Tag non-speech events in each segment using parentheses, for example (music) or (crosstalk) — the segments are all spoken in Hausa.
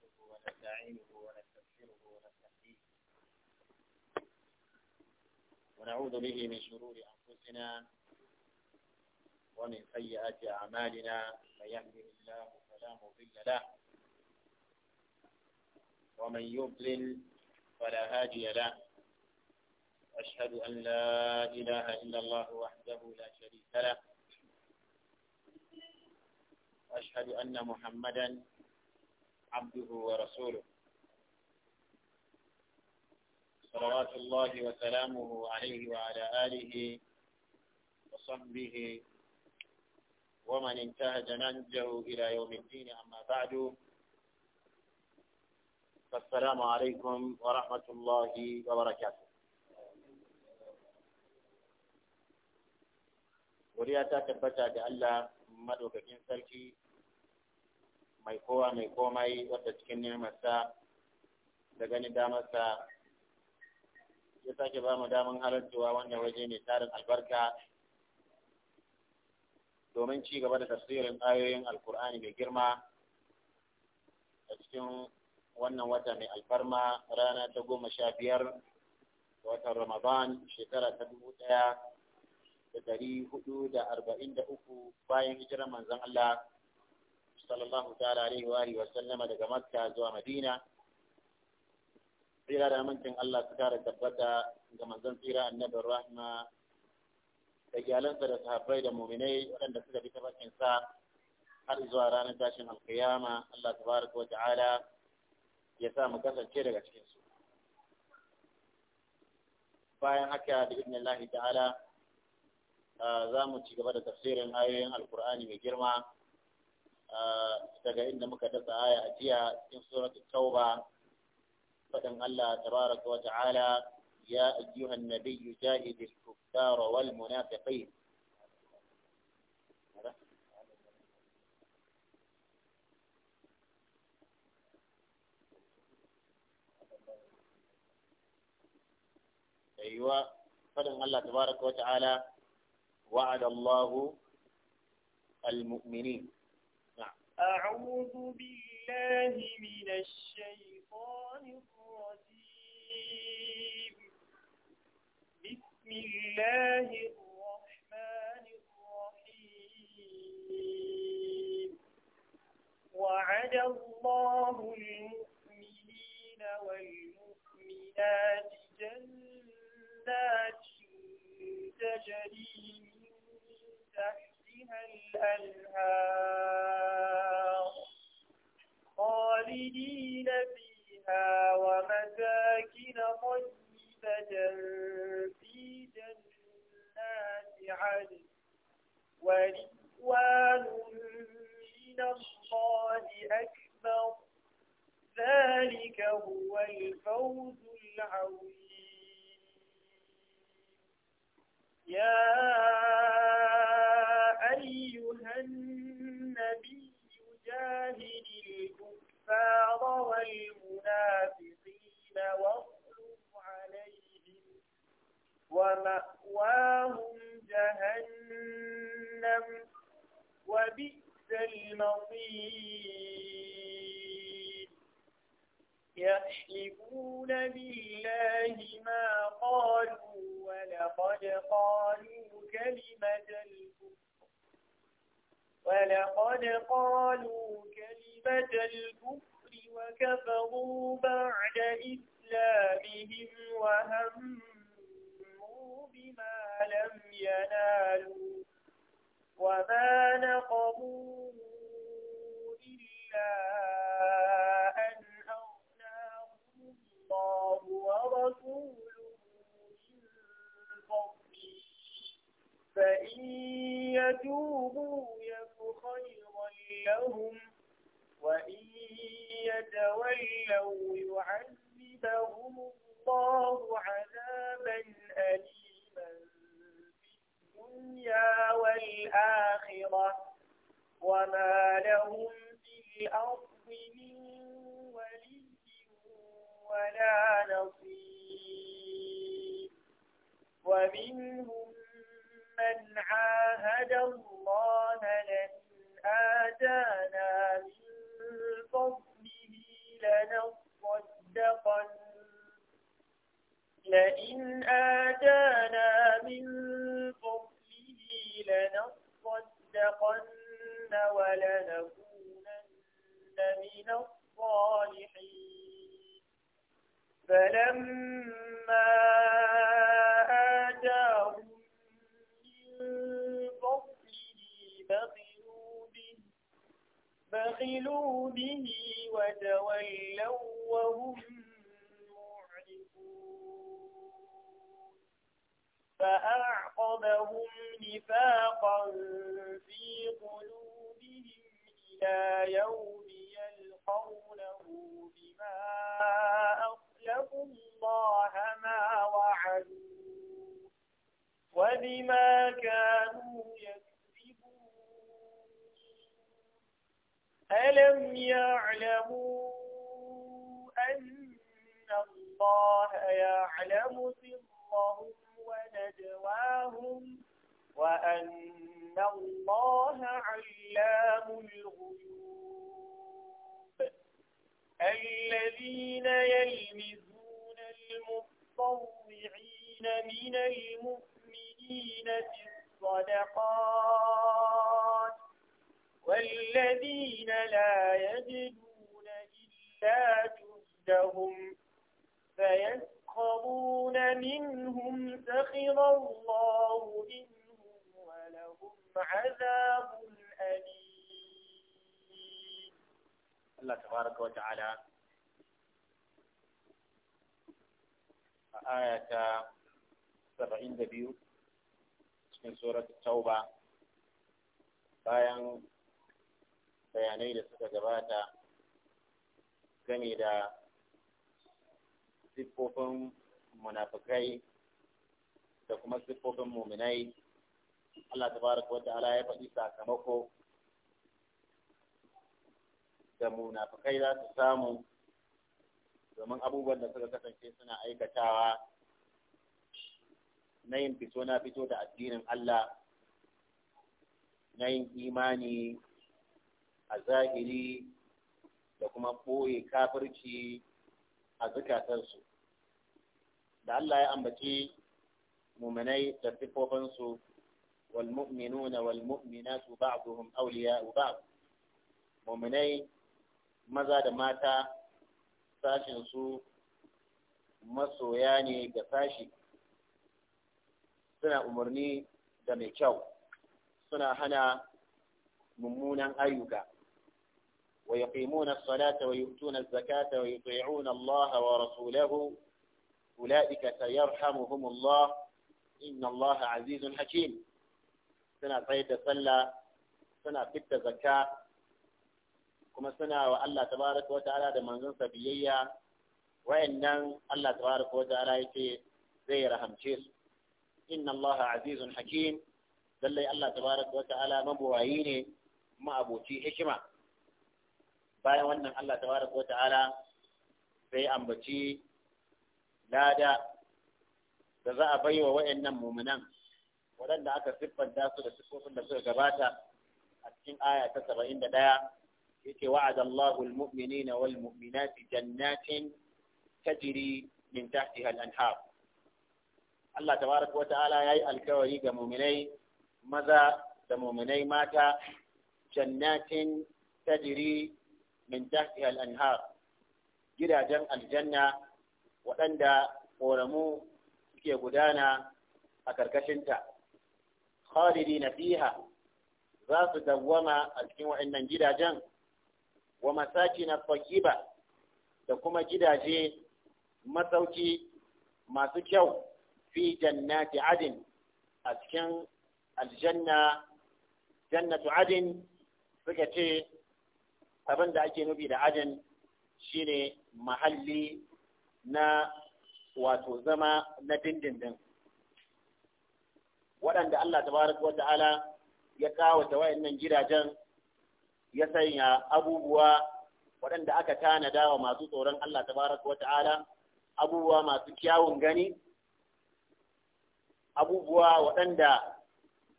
نحمده ونستعينه ونستغفره ونستهديه ونعوذ به من شرور أنفسنا ومن سيئات أعمالنا من يهده الله فلا مضل له ومن يضلل فلا هادي له أشهد أن لا إله إلا الله وحده لا شريك له أشهد أن محمدا عبده ورسوله صلوات الله وسلامه عليه وعلى آله وصحبه ومن انتهج منجه إلى يوم الدين أما بعد فالسلام عليكم ورحمة الله وبركاته وليا تثبت الله مدوك سلكي mai kowa mai komai wadda cikin nemarsa da gani damarsa ya sake ba mu damar halartuwa wannan waje mai tarin albarka domin ci gaba da tafsirin ayoyin alkur'ani mai girma a cikin wannan wata mai alfarma rana ta goma sha biyar da watan ramadan shekara ta dubu ɗaya da dari hudu da arba'in da uku bayan hijirar manzan Allah sallallahu ta'ala alaihi wa alihi wa sallama daga Makka zuwa Madina tsira da amincin Allah su kare tabbata ga manzon tsira Annabi rahma da iyalansa da sahabbai da muminai waɗanda suka bi bakin sa har zuwa ranar tashin alkiyama Allah tabaraka wa ta'ala ya sa mu kasance daga cikin su bayan haka da ibn Allah ta'ala za mu ci gaba da tafsirin ayoyin alkur'ani mai girma daga inda muka dasa aya a jiya cikin suratul tauba fadan Allah tabaraka wa ta'ala ya ayyuhan nabiyyu jahidil kuffara wal munafiqin أيوة فلن الله تبارك وتعالى وعد الله المؤمنين أعوذ بالله من الشيطان الرجيم بسم الله الرحمن الرحيم وعد الله المؤمنين والمؤمنات جنات تجري من تحت تحتها خالدين فيها ومساكن طيبة في جنات عدن ورضوان من الله أكبر ذلك هو الفوز العظيم يا أيها النبي جاهد الكفار والمنافقين واغلب عليهم ومأواهم جهنم وبئس المصير يحلفون بالله ما قالوا ولقد قالوا كلمة ولقد قالوا كلمة الكفر وكفروا بعد إسلامهم وهموا بما لم ينالوا وما نقموا إلا أن أغناهم الله ورسوله فإن يتوبوا يك خيرا لهم وإن يتولوا يعذبهم الله عذابا أليما في الدنيا والآخرة وما لهم في الأرض من ولي ولا نصير ومنهم عهد الله لئن آتانا من فضله لنصدقن لئن آتانا من فضله لنصدقن ولنكونن من الصالحين فلما بخلوا به وتولوا وهم فأعقبهم نفاقا في قلوبهم إلى يوم يلقونه بما أخلفوا الله ما وعدوا وبما كانوا يكفرون ألم يعلموا أن الله يعلم سرهم ونجواهم وأن الله علام الغيوب الذين يلمزون المطوعين من المؤمنين في الصدقات والذين لا يجدون إلا جهدهم فيسخرون منهم سخر الله منهم ولهم عذاب أليم الله تبارك وتعالى آية سبعين دبيو من سورة التوبة bayan bayanai da suka gabata game da siffofin munafikai da kuma siffofin muminai Allah Ta tabaraka wa ala ya faɗi sakamako da munafikai za su samu domin abubuwan da suka kasance suna aikatawa na yin fito na fito da addinin Allah na yin imani a zahiri da kuma ɓoye kafirci a zukatarsu da Allah ya ambaci muminai da siffofinsu والمؤمنون والمؤمنات بعضهم أولياء ba muminai maza da mata sashinsu masoya ne ga sashi suna umarni da mai kyau suna hana mummunan ayyuka ويقيمون الصلاة ويؤتون الزكاة ويطيعون الله ورسوله أولئك سيرحمهم الله إن الله عزيز حكيم سنة طيب صلى سنة ستة زكاة كما سنة والله تبارك وتعالى دم أنزل بيئة وإن الله تبارك وتعالى يتي زي همشير إن الله عزيز حكيم دل الله تبارك وتعالى مبوعيني ما أبوتي حكمة bayan wannan Allah tabaraka ta'ala zai ambaci lada da za a bai wa wayannan mu'minan waɗanda aka siffanta su da siffofin da suka gabata a cikin aya ta ɗaya, yake wa'ada Allahu al-mu'minina wal mu'minati jannatin min tahtiha al-anhar Allah tabaraka wa ta'ala yi alkawari ga mu'minai maza da mu'minai mata jannatin tajiri. min tahtiha al-anhar gidajen aljanna waɗanda koramu suke gudana a karkashinta khalidina fiha za su dawwama a cikin waɗannan gidajen wa na Fakiba da kuma gidaje masauki masu kyau fi jannati adin a cikin aljanna jannatu adin suka ce abin da ake nufi da ajin shine mahalli na wato zama na dindindin waɗanda Allah tabaraka wa ta'ala ya kawata wayannan gidajen ya sanya abubuwa waɗanda aka tanada wa masu tsoron Allah tabaraka wa ta'ala abubuwa masu kyawun gani abubuwa waɗanda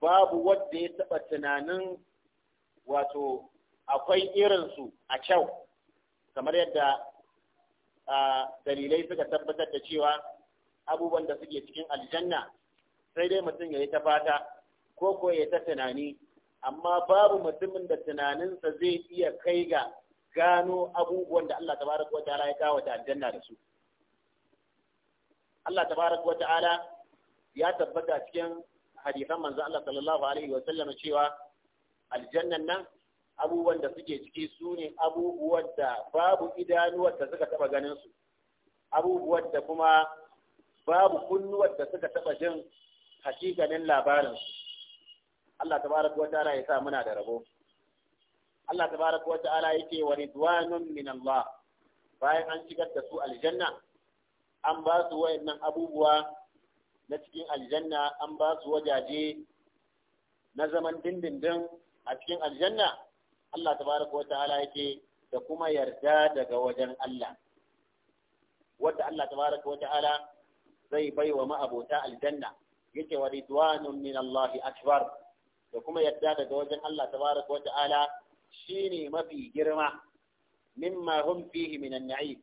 babu wadda ya taɓa tunanin wato akwai irinsu a kyau kamar yadda dalilai suka tabbatar da cewa abubuwan da suke cikin aljanna sai dai mutum ya yi ta fata ko ko ya ta tunani amma babu mutumin da tunaninsa zai iya kai ga gano abubuwan da Allah tabaraka wa ta'ala ya kawo ta aljanna da su Allah tabaraka wa ta'ala ya tabbata cikin hadisan manzo Allah sallallahu alaihi wa sallam cewa aljannan nan abubuwan da suke ciki su ne abubuwan da babu idanuwar da suka taba ganin su abubuwan da kuma babu kunnuwar da suka taba jin hakikanin labarin su Allah tabaraka wa ta'ala ya sa muna da rabo Allah tabaraka wa ta'ala yake wa ridwanun min Allah bayan an shigar da su aljanna an ba su wayannan abubuwa na cikin aljanna an ba su wajaje na zaman dindindin a cikin aljanna Allah tabaraka wa ta'ala yake da kuma yarda daga wajen Allah wanda Allah tabaraka wa ta'ala zai bai wa ma'abota aljanna yake wa ridwanun min Allah akbar da kuma yarda daga wajen Allah tabaraka wa ta'ala shine mafi girma mimma hum fihi min an-na'im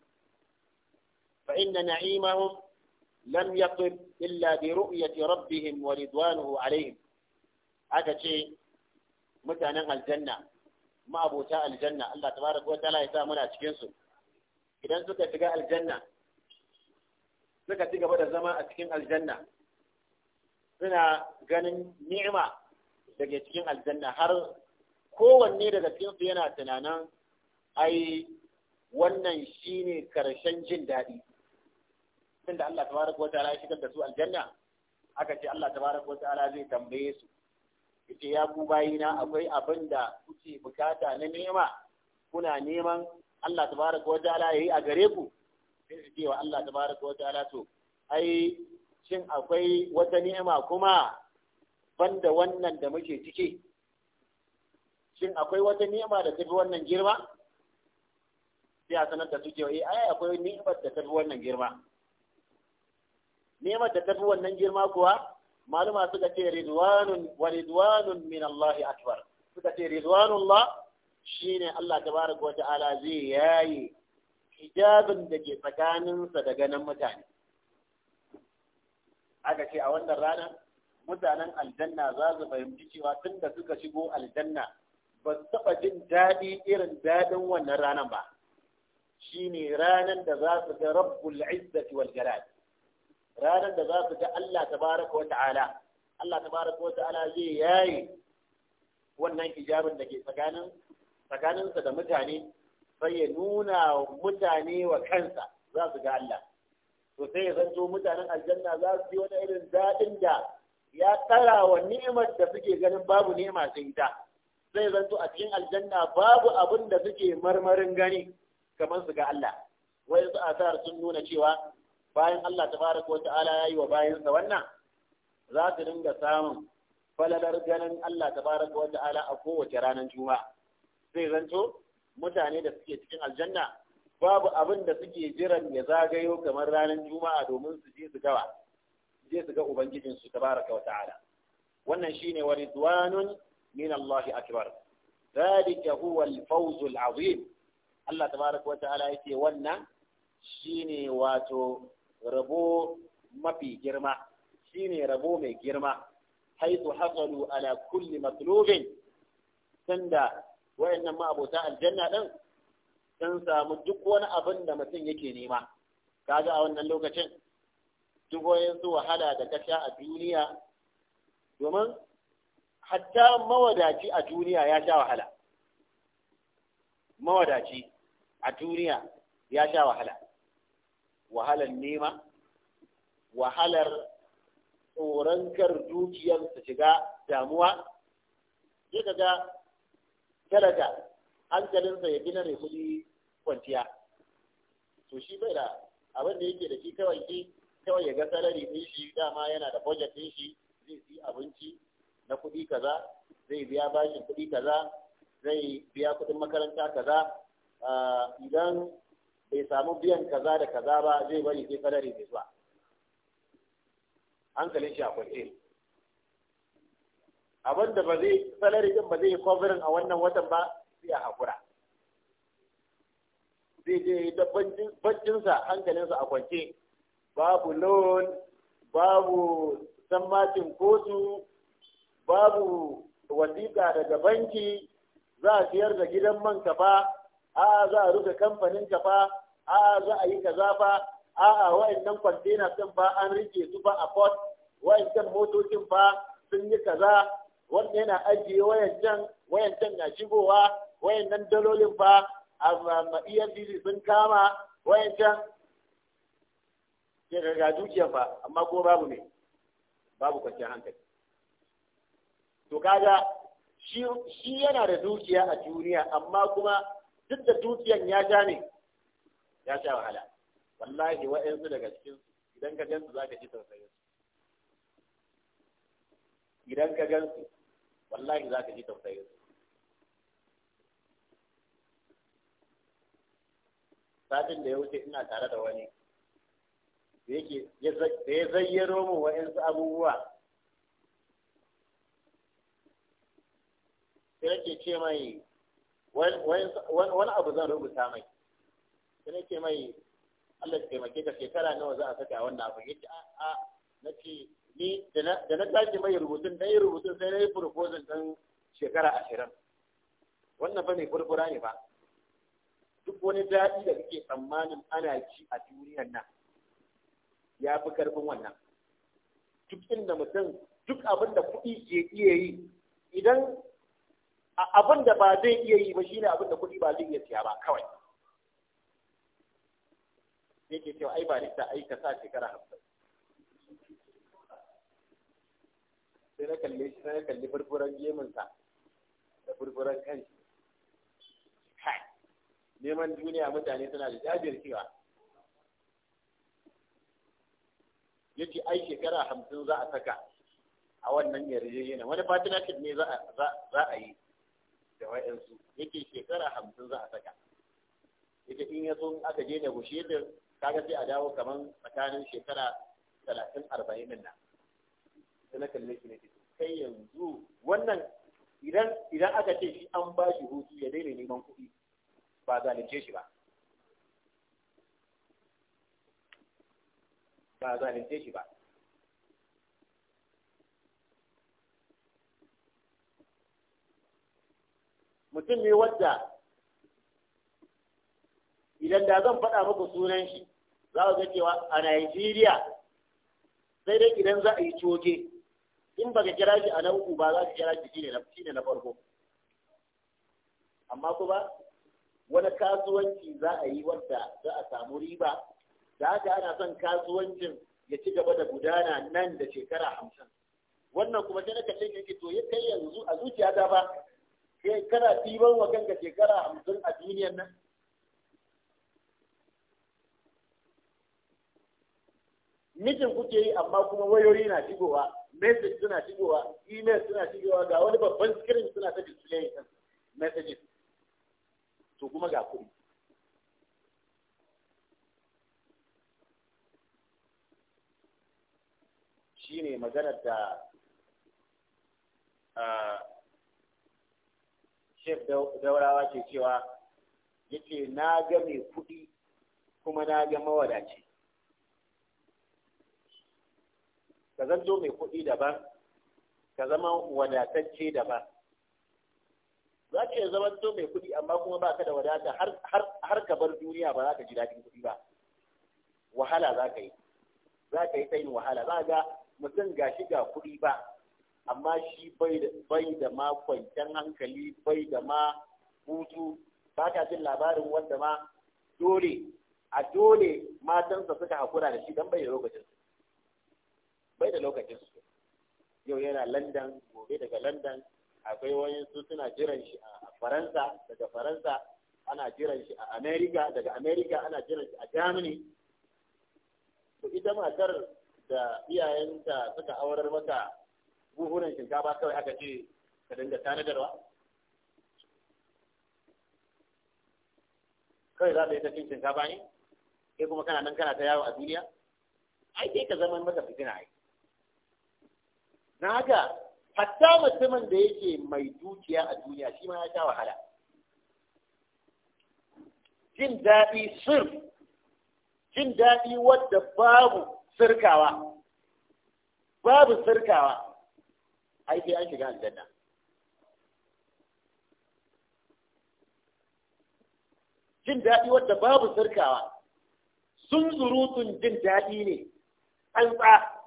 fa inna na'imahum lam yaqib illa bi ru'yati rabbihim wa ridwanuhu alaihim aka ce mutanen aljanna ma'abota aljanna Allah tabaraka wa ta'ala ya sa muna cikin su idan suka shiga aljanna suka ci gaba da zama a cikin aljanna suna ganin ni'ima daga cikin aljanna har kowanne daga cikin su yana tunanin ai wannan shine karshen jin daɗi tunda Allah tabaraka wa ta'ala ya shigar da su aljanna aka ce Allah tabaraka wa ta'ala zai tambaye su yace ya ku bayina akwai abin da kuke bukata na nema kuna neman Allah tabaraka wa ta'ala yayi a gare ku sai su ce wa Allah tabaraka wa ta'ala to ai shin akwai wata nema kuma banda wannan da muke ciki shin akwai wata nema da tafi wannan girma sai a sanar da suke cewa eh ai akwai ni'imar da tafi wannan girma ni'imar da tafi wannan girma kuwa maluma suka ce ridwanun wa ridwanun min Allah akbar suka ce ridwanullah shine Allah tabaraka wa ta'ala zai yayi hijabin da ke tsakaninsa da ganin mutane aka ce a wannan rana mutanen aljanna za su fahimci cewa tun da suka shigo aljanna ba su taɓa jin daɗi irin daɗin wannan rana ba shine ranar da za su ga rabbul izzati wal jalal ranar da za su ga Allah tabaraka wa ta'ala Allah tabaraka wa ta'ala zai yayi wannan hijabin da ke tsakaninsa da mutane sai ya nuna mutane wa kansa za su ga Allah to sai ya zanto mutanen aljanna za su yi wani irin daɗin da ya tsara wa ni'imar da suke ganin babu ni'ima sai ita sai ya zanto a cikin aljanna babu abin da suke marmarin gani kamar su ga Allah wai su asar sun nuna cewa bayan Allah tabaraka wa ta'ala yayi wa bayansa wannan za su dinga samun falalar ganin Allah tabaraka a kowace ranar juma'a zai zanto mutane da suke cikin aljanna babu abin da suke jiran ya zagayo kamar ranar juma'a domin su je su gawa je su ga ubangijin su tabaraka wa ta'ala wannan shine wa ridwanun min Allah akbar ذلك هو الفوز العظيم Allah tabaraka wata'ala yake wannan shine wato rabo mafi girma shine rabo mai girma haitu hasalu ala kulli matlubin sanda wayannan ma'abota aljanna ɗin sun samu duk wani abin da mutum yake nema kaga a wannan lokacin duk wayansu wahala da kasha a duniya domin hatta mawadaci a duniya ya sha wahala mawadaci a duniya ya sha wahala wahalar nema wahalar tsoron kar dukiyar su shiga damuwa sai ka ga talaka hankalinsa ya gina mai kuɗi kwanciya to shi bai da abin da yake da shi kawai shi kawai ya ga salari ɗin shi dama yana da budget ɗin shi zai yi abinci na kuɗi kaza zai biya bashin kuɗi kaza zai biya kuɗin makaranta kaza ah, idan bai samu biyan kaza da kaza ba zai bari sai salari mai zuwa hankalin shi a kwance abin da ba zai salari din ba zai yi covering a wannan watan ba sai a hakura zai je da baccinsa hankalinsa a kwance babu loan babu sammacin kotu babu wasiƙa daga banki za a siyar da gidan man ba. a za a rufe kamfanin ka fa a za a yi kaza fa a a wayannan containers din fa an rike su fa a port wayannan motocin fa sun yi kaza wannan yana ajiye wayancan wayancan na shigowa wayannan dalolin fa a EFCC sun kama wayancan ke ga dukiyar fa amma ko babu ne babu kwanciyar hankali to kaga shi yana da dukiya a duniya amma kuma duk da dukiyan ya sha ne ya sha wahala wallahi wa'yansu daga cikin idan ka gansu za ka ji tausayin su idan ka gansu wallahi za ka ji tausayin su satin da ya wuce ina tare da wani da ya zayyaro mu wa'yansu abubuwa sai yake ce mai wani abu zan rubuta mai sai ke mai Allah ke taimake ka shekara nawa za a saka wannan abu yake a a ce ni da na tashi mai rubutun dai rubutun sai na yi proposal shekara ashirin wannan ba mai furfura ne ba duk wani daɗi da kake tsammanin ana ci a duniyar nan ya fi karfin wannan duk inda mutum duk abin da kuɗi ke iya yi idan abin da ba zai iya yi ba shine abin da kuɗi ba zai iya siya ba kawai yake cewa ai ba lissa ai ka sa shekara hamsin sai na kalli shi sai na kalli furfuran gemunsa da furfuran kan shi neman duniya mutane suna da cewa. ya ce ai shekara hamsin za a saka a wannan yarjejeniya wani partnership ne za a yi da wa'yansu yake shekara hamsin za a saka ita in ya sun aka je da bushirin kaga sai a dawo kamar tsakanin shekara talatin arba'in nan sai na kalle shi ne kai yanzu wannan idan idan aka ce shi an ba shi hutu ya daina neman kuɗi ba zalunce shi ba ba zalunce shi ba mutum ne wadda idan da zan faɗa muku sunan shi za ku ga cewa a Najeriya sai dai idan za a yi coge in baka kira shi a na uku ba za ka kira shi shi na na farko amma kuma wani kasuwanci za a yi wadda za a samu riba da haka ana son kasuwancin ya ci gaba da gudana nan da shekara hamsin wannan kuma sai na kalle shi to ya kai yanzu a zuciya ta ba kai kana ɗiban wa kanka shekara hamsin a duniyar nan mijin kuke yi amma kuma wayoyi na shigowa message suna shigowa email suna shigowa ga wani babban screen suna ta display din messages to kuma ga kuɗi shine maganar da ah, shek daurawa ke cewa yake na ga mai kuɗi kuma na ga mawadaci ka zanto mai kuɗi daban ka zama wadatacce daban za ka iya zama to mai kuɗi amma kuma ba ka da wadata har ka bar duniya ba za ka ji daɗin kuɗi ba wahala za ka yi za ka yi ta yin wahala za ga mutum gashi ga kuɗi ba amma shi bai da ma kwanciyar hankali bai da ma hutu ba ka jin labarin wanda ma dole a dole matansa suka hakura da shi don bai da lokacin bai da lokacin su yau yana Landan, gobe daga Landan, akwai wani su suna jiran shi a Faransa daga Faransa ana jiran shi a america daga america ana jiran shi a Germany to ita matar da iyayenta suka aurar mata buhunan shinkafa kawai aka ce ka dinga tanadarwa kawai za ka yi ta cin shinkafa ne kai kuma kana nan kana ta yawo a duniya ai ke ka zama maka fitina ai na haka hatta mutumin da yake mai dukiya a duniya shi ma ya sha wahala jin daɗi sir jin daɗi wadda babu sirkawa babu sirkawa ai sai an shiga aljanna jin daɗi wadda babu sarkawa sun zurutun jin daɗi ne an tsa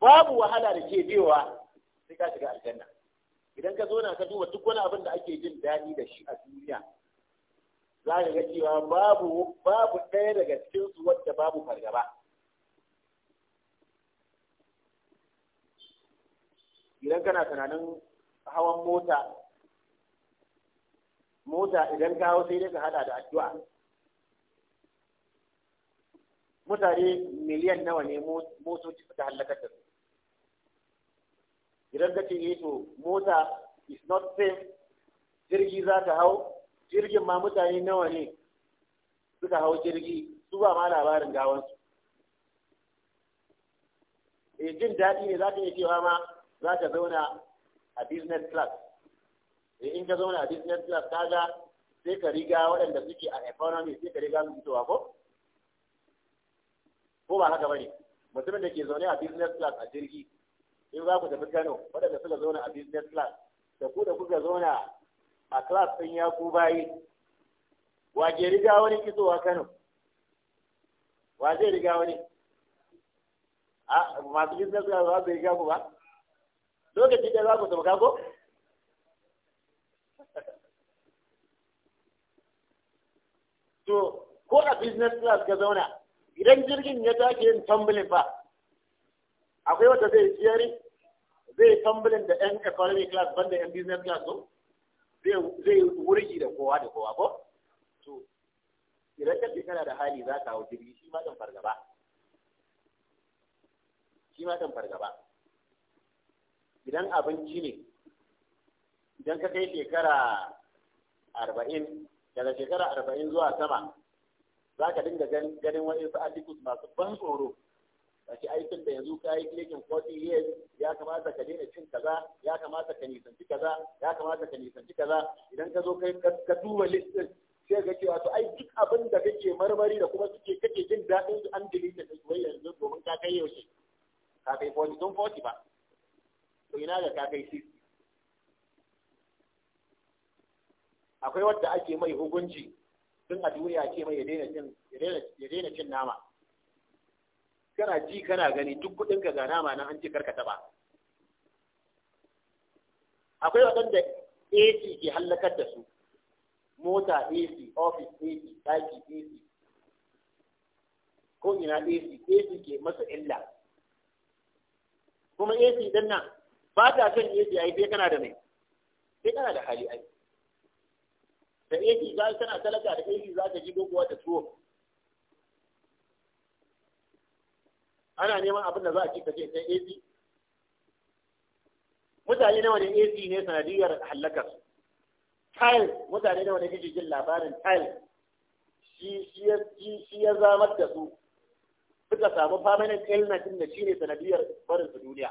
babu wahala da ke biyowa sai ka shiga aljanna idan ka zo na ka duba duk wani abin da ake jin daɗi da shi a duniya za ka ga cewa babu babu ɗaya daga cikinsu wadda babu fargaba idan kana tunanin hawan mota mota idan ka hau sai dai ka hada da addu'a mutane miliyan nawa ne motoci suka halakar da su idan ka ce eh to mota is not safe jirgi za ta hau jirgin ma mutane nawa ne suka hau jirgi su ba ma labarin gawansu eh, jin daɗi ne za ka iya cewa ma za ka zauna a business class eh, in ka zauna a business class kaga sai ka riga waɗanda suke a economy sai ka riga su fitowa ko ko ba haka bane mutumin da ke zaune a business class a jirgi in za ku tafi Kano waɗanda suka zauna a business class da ku da kuka zauna a class ɗin ya ku bayi wa ke riga wani fitowa Kano wa zai riga wani a ah, masu business class ba zai riga ku ba lokaci da za ku sauka ko to ko a business class ka zauna idan jirgin ya take yin tumbling ba akwai wata zai tsiyari zai tumbling da yan economy class banda yan business class ko zai wurgi da kowa da kowa ko to idan ka ce kana da hali za ka hau jirgi shi ma dan fargaba shi ma dan fargaba idan abinci ne idan ka kai shekara arba'in daga shekara arba'in zuwa sama za ka dinga ganin waɗansu articles masu ban tsoro kashi aikin da yanzu ka yi clicking 40 years ya kamata ka daina cin kaza ya kamata ka nisanci kaza ya kamata ka nisanci kaza idan ka zo kai ka duba listin sai ga cewa to ai duk abin da kake marmari da kuma suke kake jin daɗin an delete da wai yanzu domin ka kai yaushe ka kai 40 tun 40 ba to ina ga ka kai sisi akwai wadda ake mai hukunci tun a duniya ake mai ya daina cin nama kana ji kana gani duk kudin ka ga nama nan an ce karkata ba akwai waɗanda AC ke hallakar da su mota AC office AC ɗaki AC ko ina AC AC ke masa illa kuma AC din nan ba ta son yaji ai sai kana da mai sai kana da hali ai da yaji za tana talaka da yaji za ka ji doguwa da tuwo ana neman abin da za a ci ka ce sai AC mutane nawa ne AC ne sanadiyar halakar tile mutane nawa ne kike jin labarin tile shi shi shi ya zamar da su suka samu permanent illness din da shine sanadiyar barin su duniya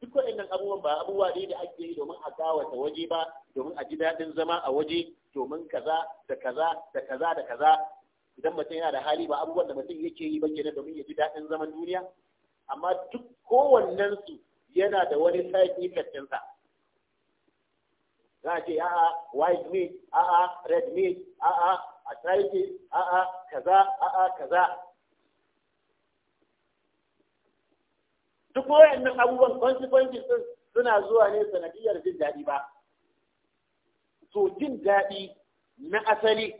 duk waɗannan abubuwan ba abubuwa ne da ake yi domin a ta waje ba domin a ji daɗin zama a waje domin kaza da kaza da kaza da kaza idan mutum yana da hali ba abubuwan da mutum yake yi ba kenan domin ya ji daɗin zaman duniya amma duk kowannen su yana da wani side effect sa za a ce a'a white meat a'a red meat a'a arthritis a'a kaza a'a kaza duk wayannan abubuwan consequences din suna zuwa ne sanadiyar jin daɗi ba to jin daɗi na asali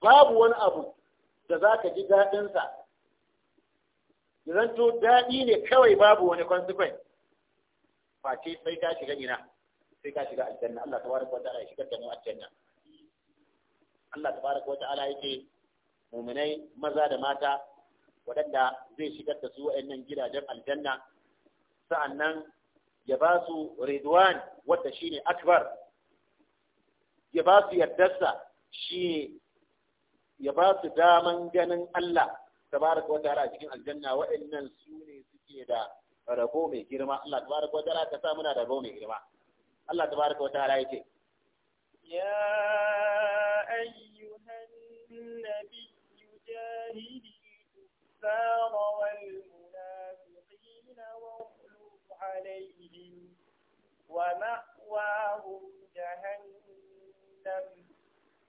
babu wani abu da za ka ji daɗinsa da daɗi ne kawai babu wani consequence face sai ka shiga ina sai ka shiga aljanna Allah tabaraka wa ta'ala ya shigar da mu aljanna Allah tabaraka wa ta'ala yake mu'minai maza da mata waɗanda zai shigar da su wa'annan gidajen aljanna sa'annan ya ba su ridwan wadda shine akbar ya ba su yardarsa shi ya ba su daman ganin Allah tabaraka wata ta'ala a cikin aljanna wa'annan su ne suke da rabo mai girma Allah tabaraka wata ta'ala ka sa muna da rabo mai girma Allah tabaraka wata ta'ala yake ya ayyuhan nabi jahidi الكفار والمنافقين واغلظ عليهم ومأواهم جهنم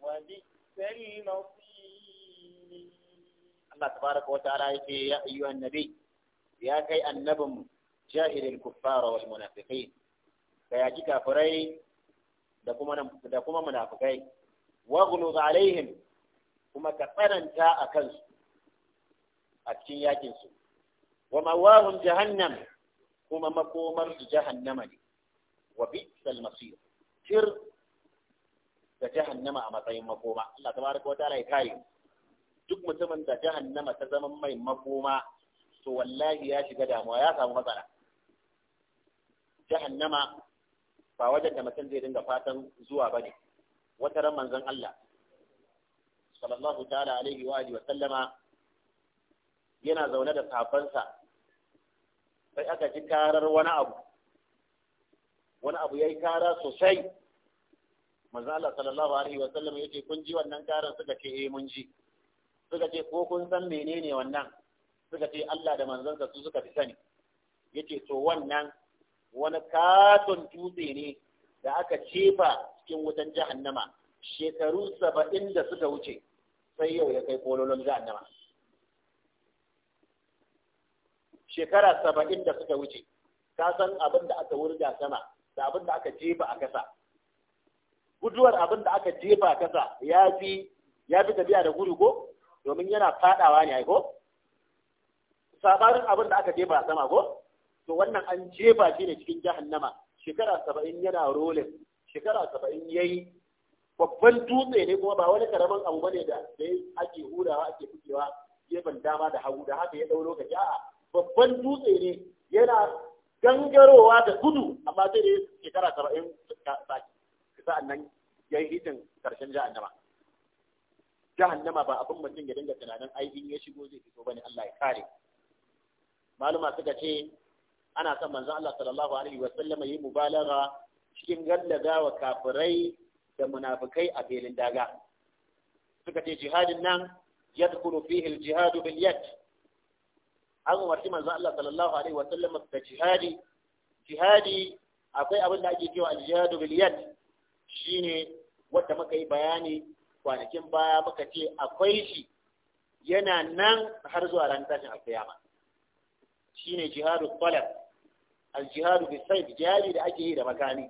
وبئس المصير الله تبارك وتعالى يقول يا أيها النبي يا كي النبم جاهل الكفار والمنافقين فيأتي فري da kuma munafikai wagluz alaihim kuma ka tsananta a kansu a cikin yakin su wa mawahum jahannam kuma makomar su jahannama ne wa bi masir tir da jahannama a matsayin makoma Allah tabaraka wa ta'ala ya kare duk mutumin da jahannama ta zaman mai makoma to wallahi ya shiga damuwa ya samu matsala jahannama ba wajen da mutum zai dinga fatan zuwa ba ne wata ran manzon Allah sallallahu ta'ala alaihi wa wa sallama yana zaune da safansa sai aka ji karar wani abu wani abu ya yi kara sosai manzo Allah sallallahu alaihi wa sallam ce kun ji wannan karar suka ce eh mun ji suka ce ko kun san menene wannan suka ce Allah da manzansa su suka fi sani ce to wannan wani katon dutse ne da aka cefa cikin wutan jahannama shekaru saba'in da suka wuce sai yau ya kai kololon jahannama shekara saba'in da suka wuce ka san abin da aka wurga sama da abin da aka jefa a kasa guduwar abin da aka jefa a kasa ya fi tafiya da gudu ko domin yana fadawa ne ai ko sabarin abin da aka jefa a sama ko to wannan an jefa shi ne cikin jahannama shekara saba'in yana rolin shekara saba'in ya yi. babban dutse ne kuma ba wani karamin abu bane da da ake hudawa ake fikewa gefen dama da hagu da haka ya ɗau lokaci a'a babban dutse ne yana gangarowa da gudu amma sai dai shekara saba'in sa'an nan ya yi hitin karshen jahannama jahannama ba abin mutum ya dinga tunanin aikin ya shigo zai fito bane Allah ya kare maluma suka ce ana son manzon Allah sallallahu alaihi wa sallama yi mubalaga cikin gallaga wa kafirai da munafukai a filin daga suka ce jihadin nan yadda fihi al-jihadu bil yad an umarci manzo Allah sallallahu alaihi wa sallam da jihadi jihadi akwai abin da ake cewa al-jihadu bil yad shine wanda muka yi bayani kwanakin baya muka ce akwai shi yana nan har zuwa ran tashin alkiyama shine jihadu talab al-jihadu bis sayf jihadi da ake yi da makami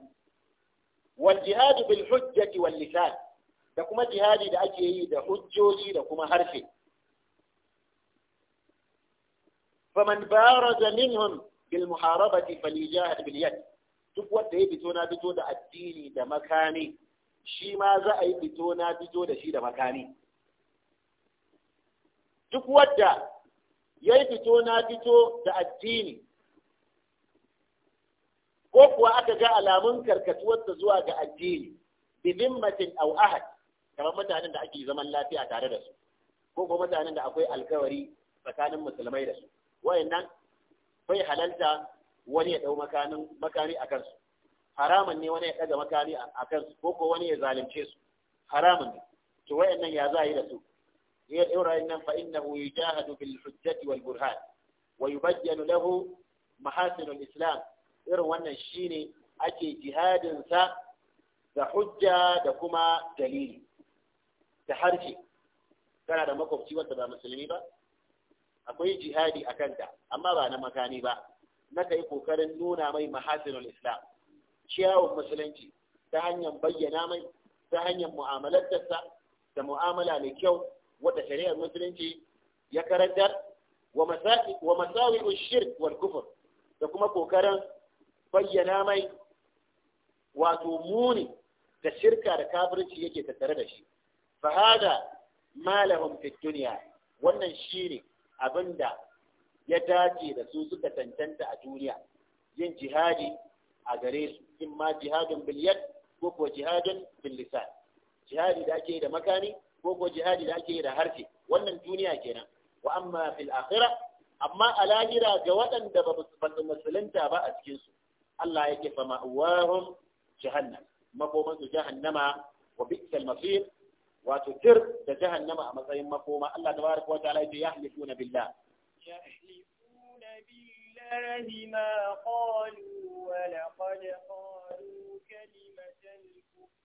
wal jihadu bil hujjati wal lisan da kuma jihadi da ake yi da hujjoji da kuma harshe faman baraja minhum bil muharabati falijahad bil yad duk wanda ya fito na fito da addini da makami shi ma za a yi fito na fito da shi da makami duk wanda ya yi fito na fito da addini ko kuwa aka ga alamun karkatuwar ta zuwa ga addini bi zimmatin aw ahad kamar mutanen da ake zaman lafiya tare da su ko kuma mutanen da akwai alkawari tsakanin musulmai da su wayannan bai halalta wani ya ɗau makani a kansu haramun ne wani ya ɗaga makani a kansu ko ko wani ya zalunce su haramun ne to nan ya za yi da su ya daura nan fa innahu yujahadu bil hujjati wal burhan wa yubayyanu lahu mahasinul islam irin wannan shine ake jihadin sa da hujja da kuma dalili da harshe kana da makwabci wanda ba musulmi ba akwai jihadi a kanta amma ba na makani ba na kai kokarin nuna mai mahasinul islam ciyawun musulunci ta hanyar bayyana mai ta hanyar mu'amalarsa da mu'amala mai kyau wadda shari'ar musulunci ya karantar wa masawi shirk wal kufur da kuma kokarin bayyana mai wato muni da shirka da kafirci yake tattare da shi fa hada fi dunya wannan shine abin da ya dace da su suka tantanta a duniya yin jihadi a gare su in ma jihadin biliyar ko ko jihadin Bilisa, jihadi da ake da makani ko ko jihadi da ake da harshe wannan duniya kenan wa amma fil akhirah amma a lahira ga waɗanda ba su musulunta ba a cikin su Allah yake fa ma'awahum jahannam makoman su jahannama wa bikin masir وتسر جهنم أما زين مفهوم الله تبارك وتعالى يحلفون بالله يحلفون بالله ما قالوا ولقد قالوا كلمة الكفر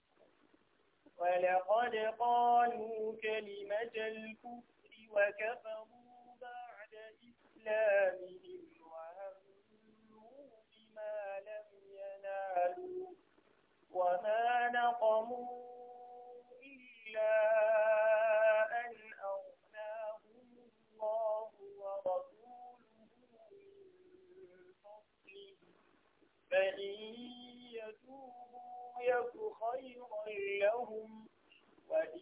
ولقد قالوا كلمة الكفر وكفروا بعد إسلامهم وهموا بما لم ينالوا وما نقموا أن أغناهم الله ورسوله من فضله فإن يتوبوا يك خيرا لهم وإن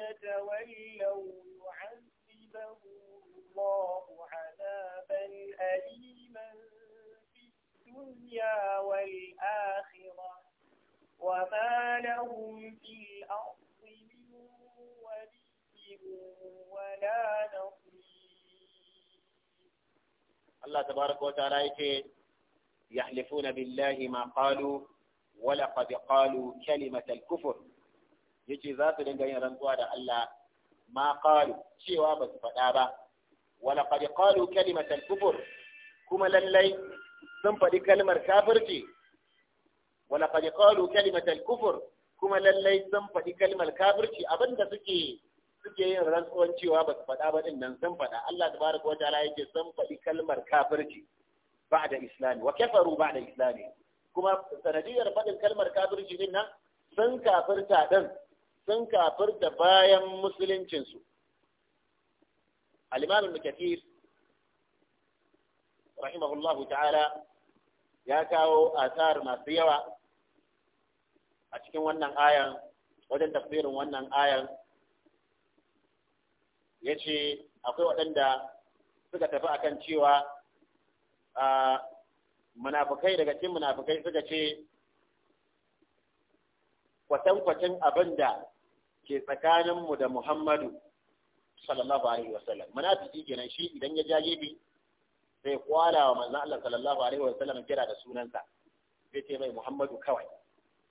يتولوا يعذبهم الله عذابا أليما في الدنيا والآخرة وما لهم في الأرض ولا نصير الله تبارك وتعالى يحلفون بالله ما قالوا ولقد قالوا كلمة الكفر yace za su dinga yin rantsuwa da Allah ma cewa ba su faɗa ba wala qad qalu kalimat kuma lallai sun faɗi kalmar kafirci wala qad qalu kuma lallai sun faɗi suke suke yin rantsuwan cewa ba su faɗa ba din nan sun faɗa Allah tabaraka wataala yake sun faɗi kalmar kafirci ba'da islami wa kafaru ba'da islami kuma sanadiyar faɗin kalmar kafirci din nan sun kafirta din sun kafirta bayan musuluncinsu al-imam al rahimahullahu ta'ala ya kawo asar masu yawa a cikin wannan ayan wajen tafsirin wannan ayan ya ce akwai waɗanda suka tafi akan cewa munafukai daga cikin munafukai suka ce kwatankwacin abin da ke tsakaninmu da Muhammadu sallallahu alaihi wasallam munafiki kenan shi idan ya jage gefe sai kwala wa manzon Allah sallallahu alaihi wasallam kira da sunansa sai ce mai Muhammadu kawai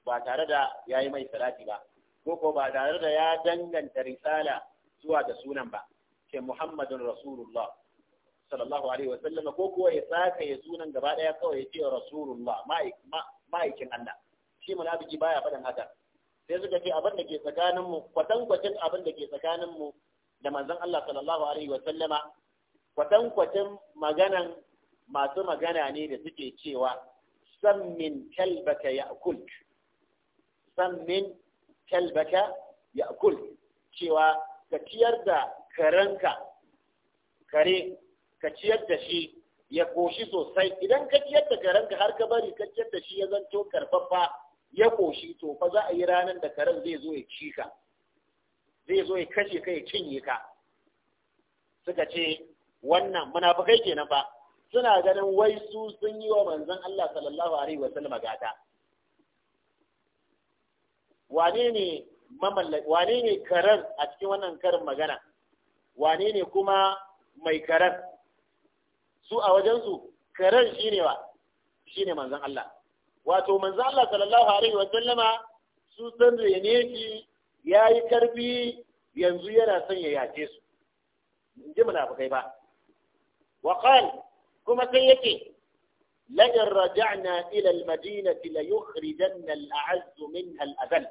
ba tare da yayi mai salati ba ko ko ba tare da ya danganta risala zuwa da sunan ba ke Muhammadun Rasulullah sallallahu alaihi wasallam ko kuwa ya saka ya sunan gaba daya kawai ya ce Rasulullah ma'aikin Allah shi munafiki baya faɗin haka sai suka ce abin da ke tsakanin mu kwatankwacin abin da ke tsakanin mu da manzon Allah sallallahu alaihi wasallama kwatankwacin maganan masu magana ne da suke cewa san min kalbaka ya'kulk san min kalbaka ya'kulk cewa ka ciyar da karanka kare ka ciyar da shi ya koshi sosai idan ka ciyar da karanka har ka bari ka ciyar da shi ya zanto karfafa ya koshi to fa za a yi ranar da karen zai zo ya ci ka zai zo ya kashe ka ya cinye ka suka ce wannan munafukai kenan ba suna ganin wai su sun yi wa manzon Allah sallallahu alaihi wasallam gata wane ne mamallaki wane ne karar a cikin wannan karin magana wane ne kuma mai karar su a wajensu karar shine wa shine manzon Allah wato manzon Allah sallallahu alaihi wa sallama su san rene shi yayi karfi yanzu yana son ya yace su in ji munafukai ba wa qal kuma sai yake madinati la yukhrijanna al-a'azzu minha al adall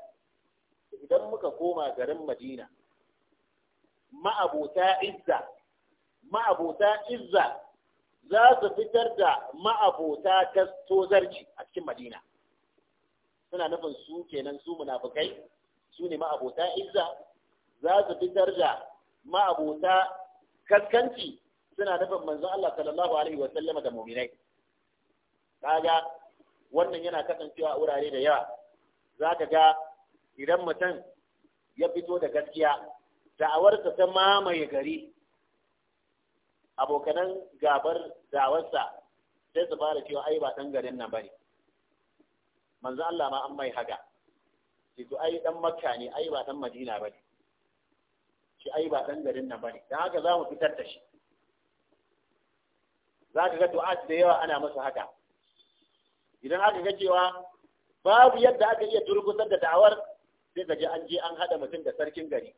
idan muka koma garin Madina ma'abota izza ma'abota izza za su fitar da ma'abota ta tozarci a cikin Madina suna nufin su kenan su munafukai su ne ma'abota izza za su fitar da ma'abota kaskanci suna nufin manzon Allah sallallahu alaihi wa sallama da mu'minai kaga wannan yana kasancewa a wurare da yawa zaka ga idan mutum ya fito da gaskiya da'awarsa ta mamaye gari abokanan gabar da'awarsa sai su fara cewa ai ba ɗan garin nan bane manzo Allah ma an mai haga shi to ai dan makka ne ai ba dan madina bane shi ai ba dan garin nan bane dan haka za mu fitar da shi za ka ga du'a da yawa ana masa haka idan aka ga cewa babu yadda aka iya turkusar da da'awar sai ka je an je an haɗa mutum da sarkin gari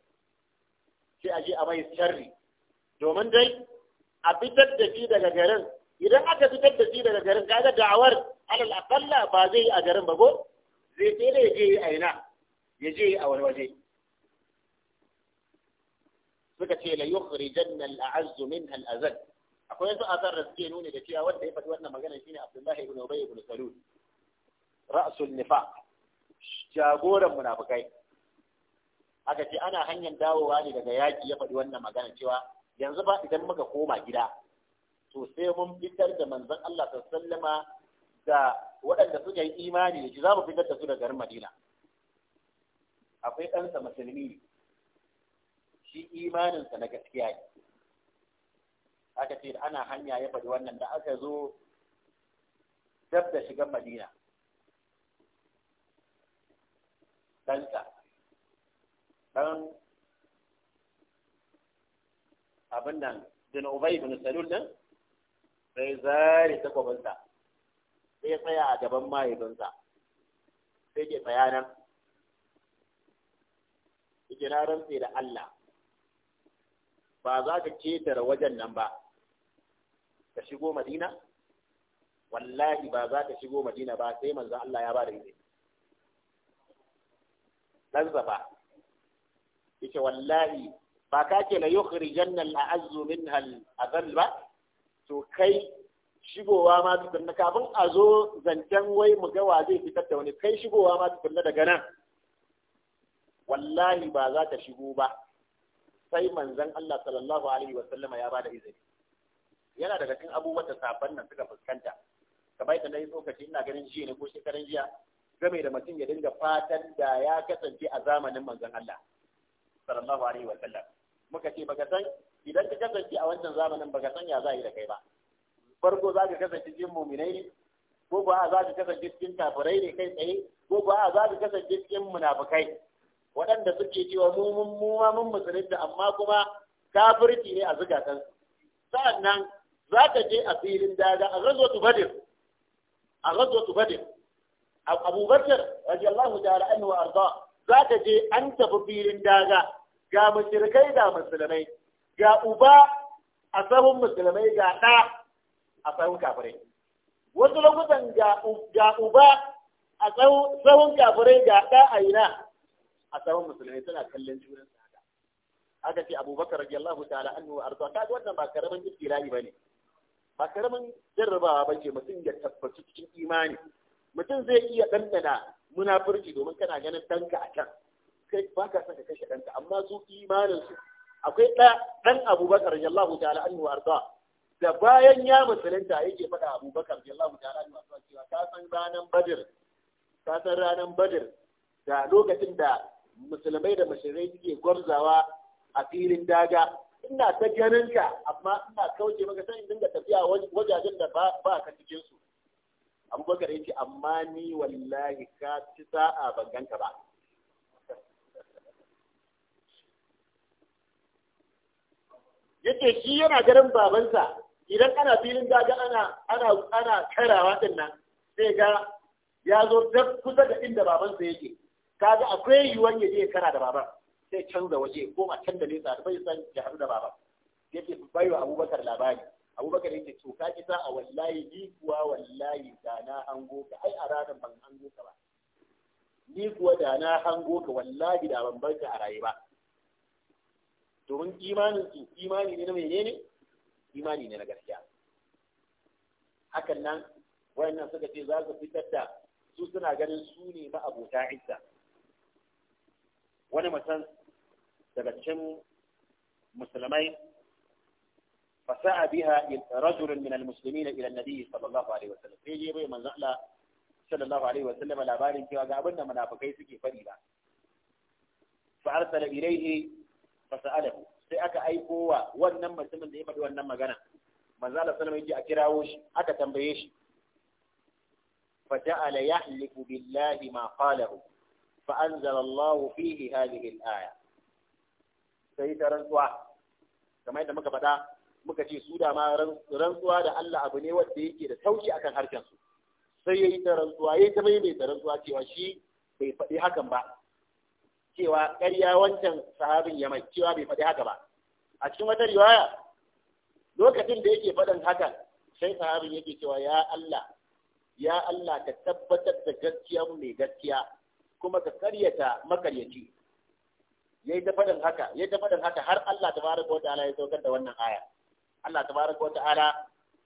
sai a je a mai sharri domin dai a fitar da shi daga garin idan aka fitar da shi daga garin kaga da'awar alal aqalla ba zai yi a garin ba ko zai sai da je a ina ya je a wani waje suka ce la yukhrijanna al-a'azzu minha al-azal akwai wasu asar da suke nuni da cewa wanda ya faɗi wannan magana shine Abdullahi ibn Ubay ibn Salul ra'sul nifaq jagoran munafukai aka ce ana hanyar dawowa ne daga yaƙi ya faɗi wannan magana cewa yanzu ba idan muka koma gida to sai mun fitar da manzon Allah sallama da waɗanda suka yi imani da shi za mu fitar da su daga garin Madina akwai ɗansa musulmi shi imaninsa na gaskiya ne aka ce ana hanya ya faɗi wannan da aka zo dab da shigan Madina kanta ɗan abin nan din ubay bin salul din sai ta takwabinsa sai tsaya a gaban mahaifinsa sai ke tsaya nan yake na rantse da Allah ba za ka ketare wajen nan ba ka shigo madina wallahi ba za ka shigo madina ba sai manzo Allah ya ba da izini kazzaba yace wallahi ba ka ke la nan al-a'azzu minha al azal ba to kai shigowa ma tukunna kafin a zo zancen wai mu ga zai fitar da wani kai shigowa ma tukunna daga nan wallahi ba za ta shigo ba sai manzon Allah sallallahu alaihi wa sallama ya bada izini yana daga cikin abubuwan da sabon nan suka fuskanta kamar yadda na yi tsokaci ina ganin jiya ne ko shekaran jiya game da mutum ya dinga fatan da ya kasance a zamanin manzon Allah sallallahu alaihi wa sallam muka ce baka san idan ka kasance a wannan zamanin baka san ya za yi da kai ba farko za ka kasance cikin muminai ne ko ba za ka kasance cikin kafirai ne kai tsaye ko ba za ka kasance cikin munafukai waɗanda suke cewa mu mun mu ma mun musulunta amma kuma kafirci ne a zukatan sa'annan za ka je a filin daga a gazo tu a gazo tu Abu Bakar radiyallahu ta'ala anhu arda za ta je an tafi filin daga ga mushrikai ga musulmai ga uba a sahun musulmai ga da a sahun kafirai wasu lokutan ga uba a tsawon kafirai ga da a ina a tsawon musulmai suna kallon junan sada haka aka ce Bakar radiyallahu ta'ala wa arda ta wannan ba karamin ibtila'i bane ba karamin jarrabawa bace mutum ya tabbaci cikin imani mutum zai iya ɗanɗana munafurci domin kana ganin ɗanka a can kai ba ka son ka kashe ɗanka amma su imanin su akwai ɗan abubakar yallahu ta'ala anhu arda da bayan ya musulunta yake faɗa abubakar yallahu ta'ala anhu arda cewa ka san ranar badir ka san ranar badir da lokacin da musulmai da mashirai suke gwamzawa a filin daga ina ta ganin ka amma ina kauce maka sanin dinga tafiya wajajen da ba ka cikin su abubakar ya ce amma ni wallahi ka ci sa'a ban ganka ba yake shi yana garin babansa idan ana filin daga ana ana ana karawa din nan sai ga ya zo da kusa da inda babansa yake kaga akwai yiwuwar ya je kara da baban sai canza waje ko a canza da nesa da bai san ya haɗu da baban yake bai wa abubakar labari abubakar yake to ka kisa a wallahi ni kuwa wallahi da na hango ka ai a ranar ban hango ka ba ni kuwa da na hango ka wallahi da ban bar ka a raye ba domin imanin su imani ne na menene imani ne na gaskiya hakan nan wayannan suka ce za su fitar da su suna ganin su ne ma abota isa wani mutum daga cikin musulmai فسعى بها رجل من المسلمين إلى النبي صلى الله عليه وسلم فيجي بي من زعل صلى الله عليه وسلم الأبارين كي وقابلنا منافقين سكي فريلا فأرسل إليه فسأله سيأكا أي قوة ونما سمن دي بدو ونما غنى من زعل صلى الله عليه وسلم أكراوش أكا تنبيش فجعل يحلف بالله ما قاله فأنزل الله فيه هذه الآية سيدنا رسول كما يتمكن muka ce su da ma rantsuwa da Allah abu ne wanda yake da sauki akan harshen su sai yayi ta rantsuwa yayi ta mai da rantsuwa cewa shi bai faɗi hakan ba cewa ƙarya wancan sahabin ya mai cewa bai faɗi haka ba a cikin wata riwaya lokacin da yake faɗin hakan sai sahabin yake cewa ya Allah ya Allah ka tabbatar da gaskiya mai gaskiya kuma ka karyata makaryaci yayi ta faɗin haka yayi ta faɗin haka har Allah tabaraka wa ta'ala ya saukar da wannan aya Allah tabaraka wa ta'ala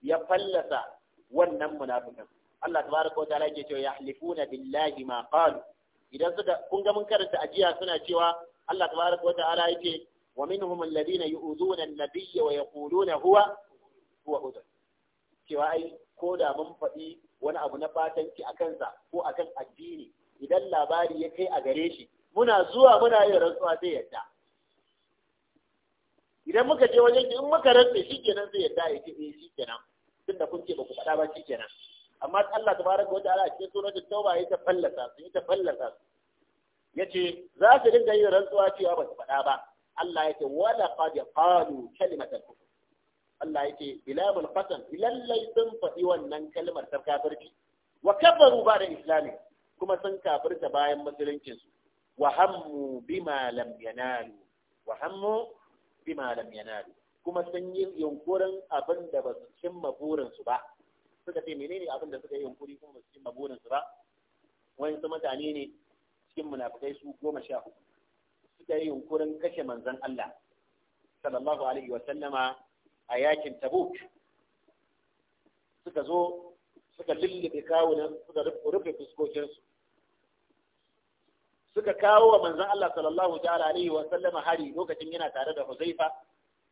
ya fallasa wannan munafikan Allah tabaraka wa ta'ala yake cewa yahlifuna billahi ma qalu idan suka kun ga mun karanta ajiya suna cewa Allah tabaraka wa ta'ala yake wa minhum alladhina yu'dhuna an-nabiyya wa yaquluna huwa huwa udhun cewa ai ko da mun faɗi wani abu na batanci a kansa ko akan addini idan labari ya kai a gare shi muna zuwa muna yin rantsuwa zai yadda idan muka je wajen in muka rantse shi kenan zai yarda ya ce eh shi kenan tunda da kuke ba ku faɗa ba shi kenan amma Allah tabaraka wa ta'ala a cikin suratul tauba ya ta fallasa su ya ta fallasa su yace za su dinga yin rantsuwa cewa ba su faɗa ba Allah yake wala qad qalu kalimatal kufr Allah yake ce, bil qatan lallai sun faɗi wannan kalmar ta kafirci wa kafaru ba da islami kuma sun kafirta bayan musuluncin su wa hammu bima lam yanalu wa hammu bima lam yanalu kuma sun yi yunkurin abin da ba su cimma burinsu ba suka ce menene abin da suka yi yunkuri kuma ba su cimma burinsu ba wani su mutane ne cikin munafikai su goma sha hudu suka yi yunkurin kashe manzon Allah sallallahu alaihi wa sallama a yakin Tabuk suka zo suka lullube kawunan suka rufe fuskokinsu suka kawo wa manzan Allah sallallahu ta'ala alaihi wa sallama hari lokacin yana tare da Huzaifa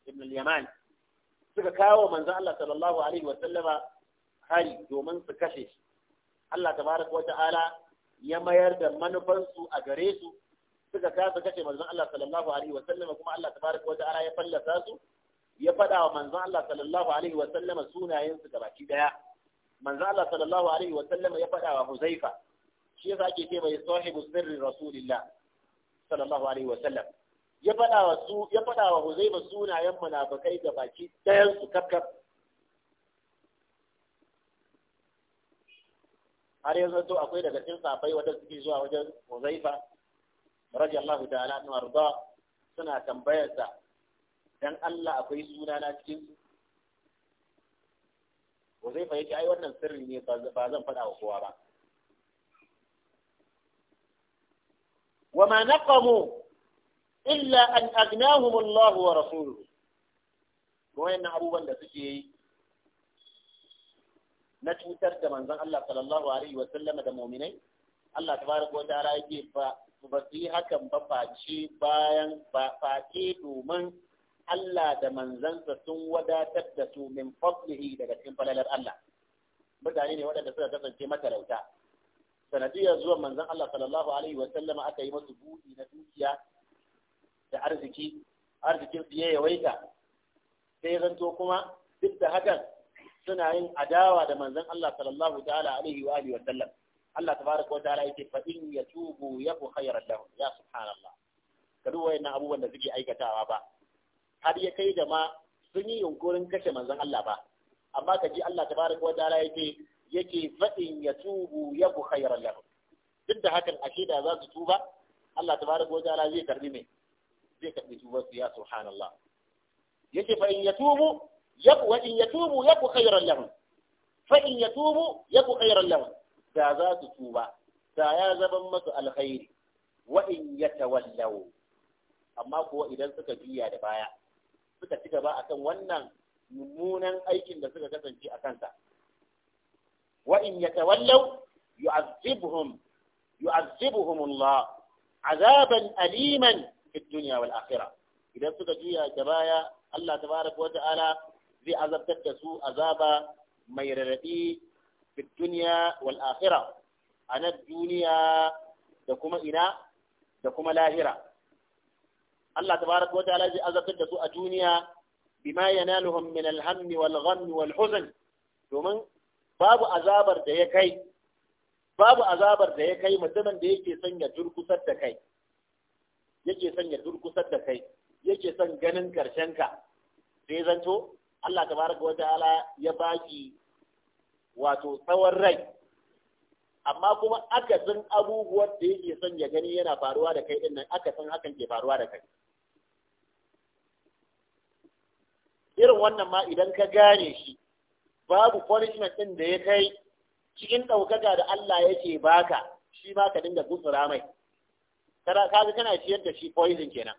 ibn al-Yaman suka kawo wa manzan Allah sallallahu alaihi wa sallama hari domin su kashe shi Allah tabaraka wa ta'ala ya mayar da manufansu a gare su suka kasa kashe manzan Allah sallallahu alaihi wa sallama kuma Allah tabaraka wa ta'ala ya fallasa su ya fada wa manzan Allah sallallahu alaihi wa sallama sunayen su gabaki daya Manzan Allah sallallahu alaihi wa sallama ya fada wa Huzaifa shi yasa ake ce mai sahibu sirri rasulillah sallallahu alaihi wa sallam ya faɗawa wa su ya fada wa Huzaifa sunayen munafikai ga baki dayan su kakkab har yanzu to akwai daga cikin safai wanda suke zuwa wajen Huzaifa radiyallahu ta'ala anhu arda suna tambayar sa dan Allah akwai suna na cikin Huzaifa yake ai wannan sirri ne ba zan faɗawa wa kowa ba وما نقموا إلا أن أغناهم الله ورسوله وين أبو بند سكي نتوتر من زن الله صلى الله عليه وسلم دا مؤمنين الله تبارك وتعالى يجي فبصي هكم بفاكي باين فاكي دومن Allah da manzansa sun wadatar da su min fadlihi daga cikin falalar Allah mutane ne waɗanda suka kasance matarauta sanadiyar zuwan manzan Allah sallallahu alaihi wa sallama aka yi masu buɗi na dukiya da arziki arzikin su ya yawaita sai zanto kuma duk da hakan suna yin adawa da manzan Allah sallallahu ta'ala alaihi wa alihi wa sallam Allah tabaraka wa ta'ala yake fa in yatubu yaku khayran lahum ya subhanallah ka duba wayannan abubuwan da suke aikatawa ba har ya kai da ma sun yi yunkurin kashe manzan Allah ba amma ka ji Allah tabaraka wa ta'ala yake yake faɗin ya tubu ya ku khairan lahum duk da hakan ashe da za su tuba Allah ta tabaraka wa ta'ala zai karbi mai zai karbi tubar su ya subhanallah yake fa in tubu ya ku in yatubu yaku khairan lahum fa in yatubu yaku khairan lahum da za su tuba da ya zaban masu alkhairi wa in ya yatawallaw amma kuwa idan suka juya da baya suka ci gaba akan wannan mummunan aikin da suka kasance a kanta وإن يتولوا يعذبهم يعذبهم الله عذابا أليما في الدنيا والآخرة إذا يا جبايا الله تبارك وتعالى زي عذاب تكسو عذابا ميررئي في الدنيا والآخرة أنا الدنيا دكما إنا دكما لاهرة الله تبارك وتعالى زي عذاب تكسو الدنيا بما ينالهم من الهم والغم والحزن ثم babu azabar da ya kai babu azabar da ya kai mutumin da yake son ya durkusar da kai yake son ya durkusar da kai yake son ganin karshen ka sai zanto Allah tabaraka wa ta'ala ya baki wato tsawon rai amma kuma aka san abubuwan da yake son ya gani yana faruwa da kai din nan aka san hakan ke faruwa da kai irin wannan ma idan ka gane shi babu punishment ɗin da ya kai cikin ɗaukaka da Allah yake baka shi ma ka dinga gutsura mai kada kaga kana ciyar da shi poison kenan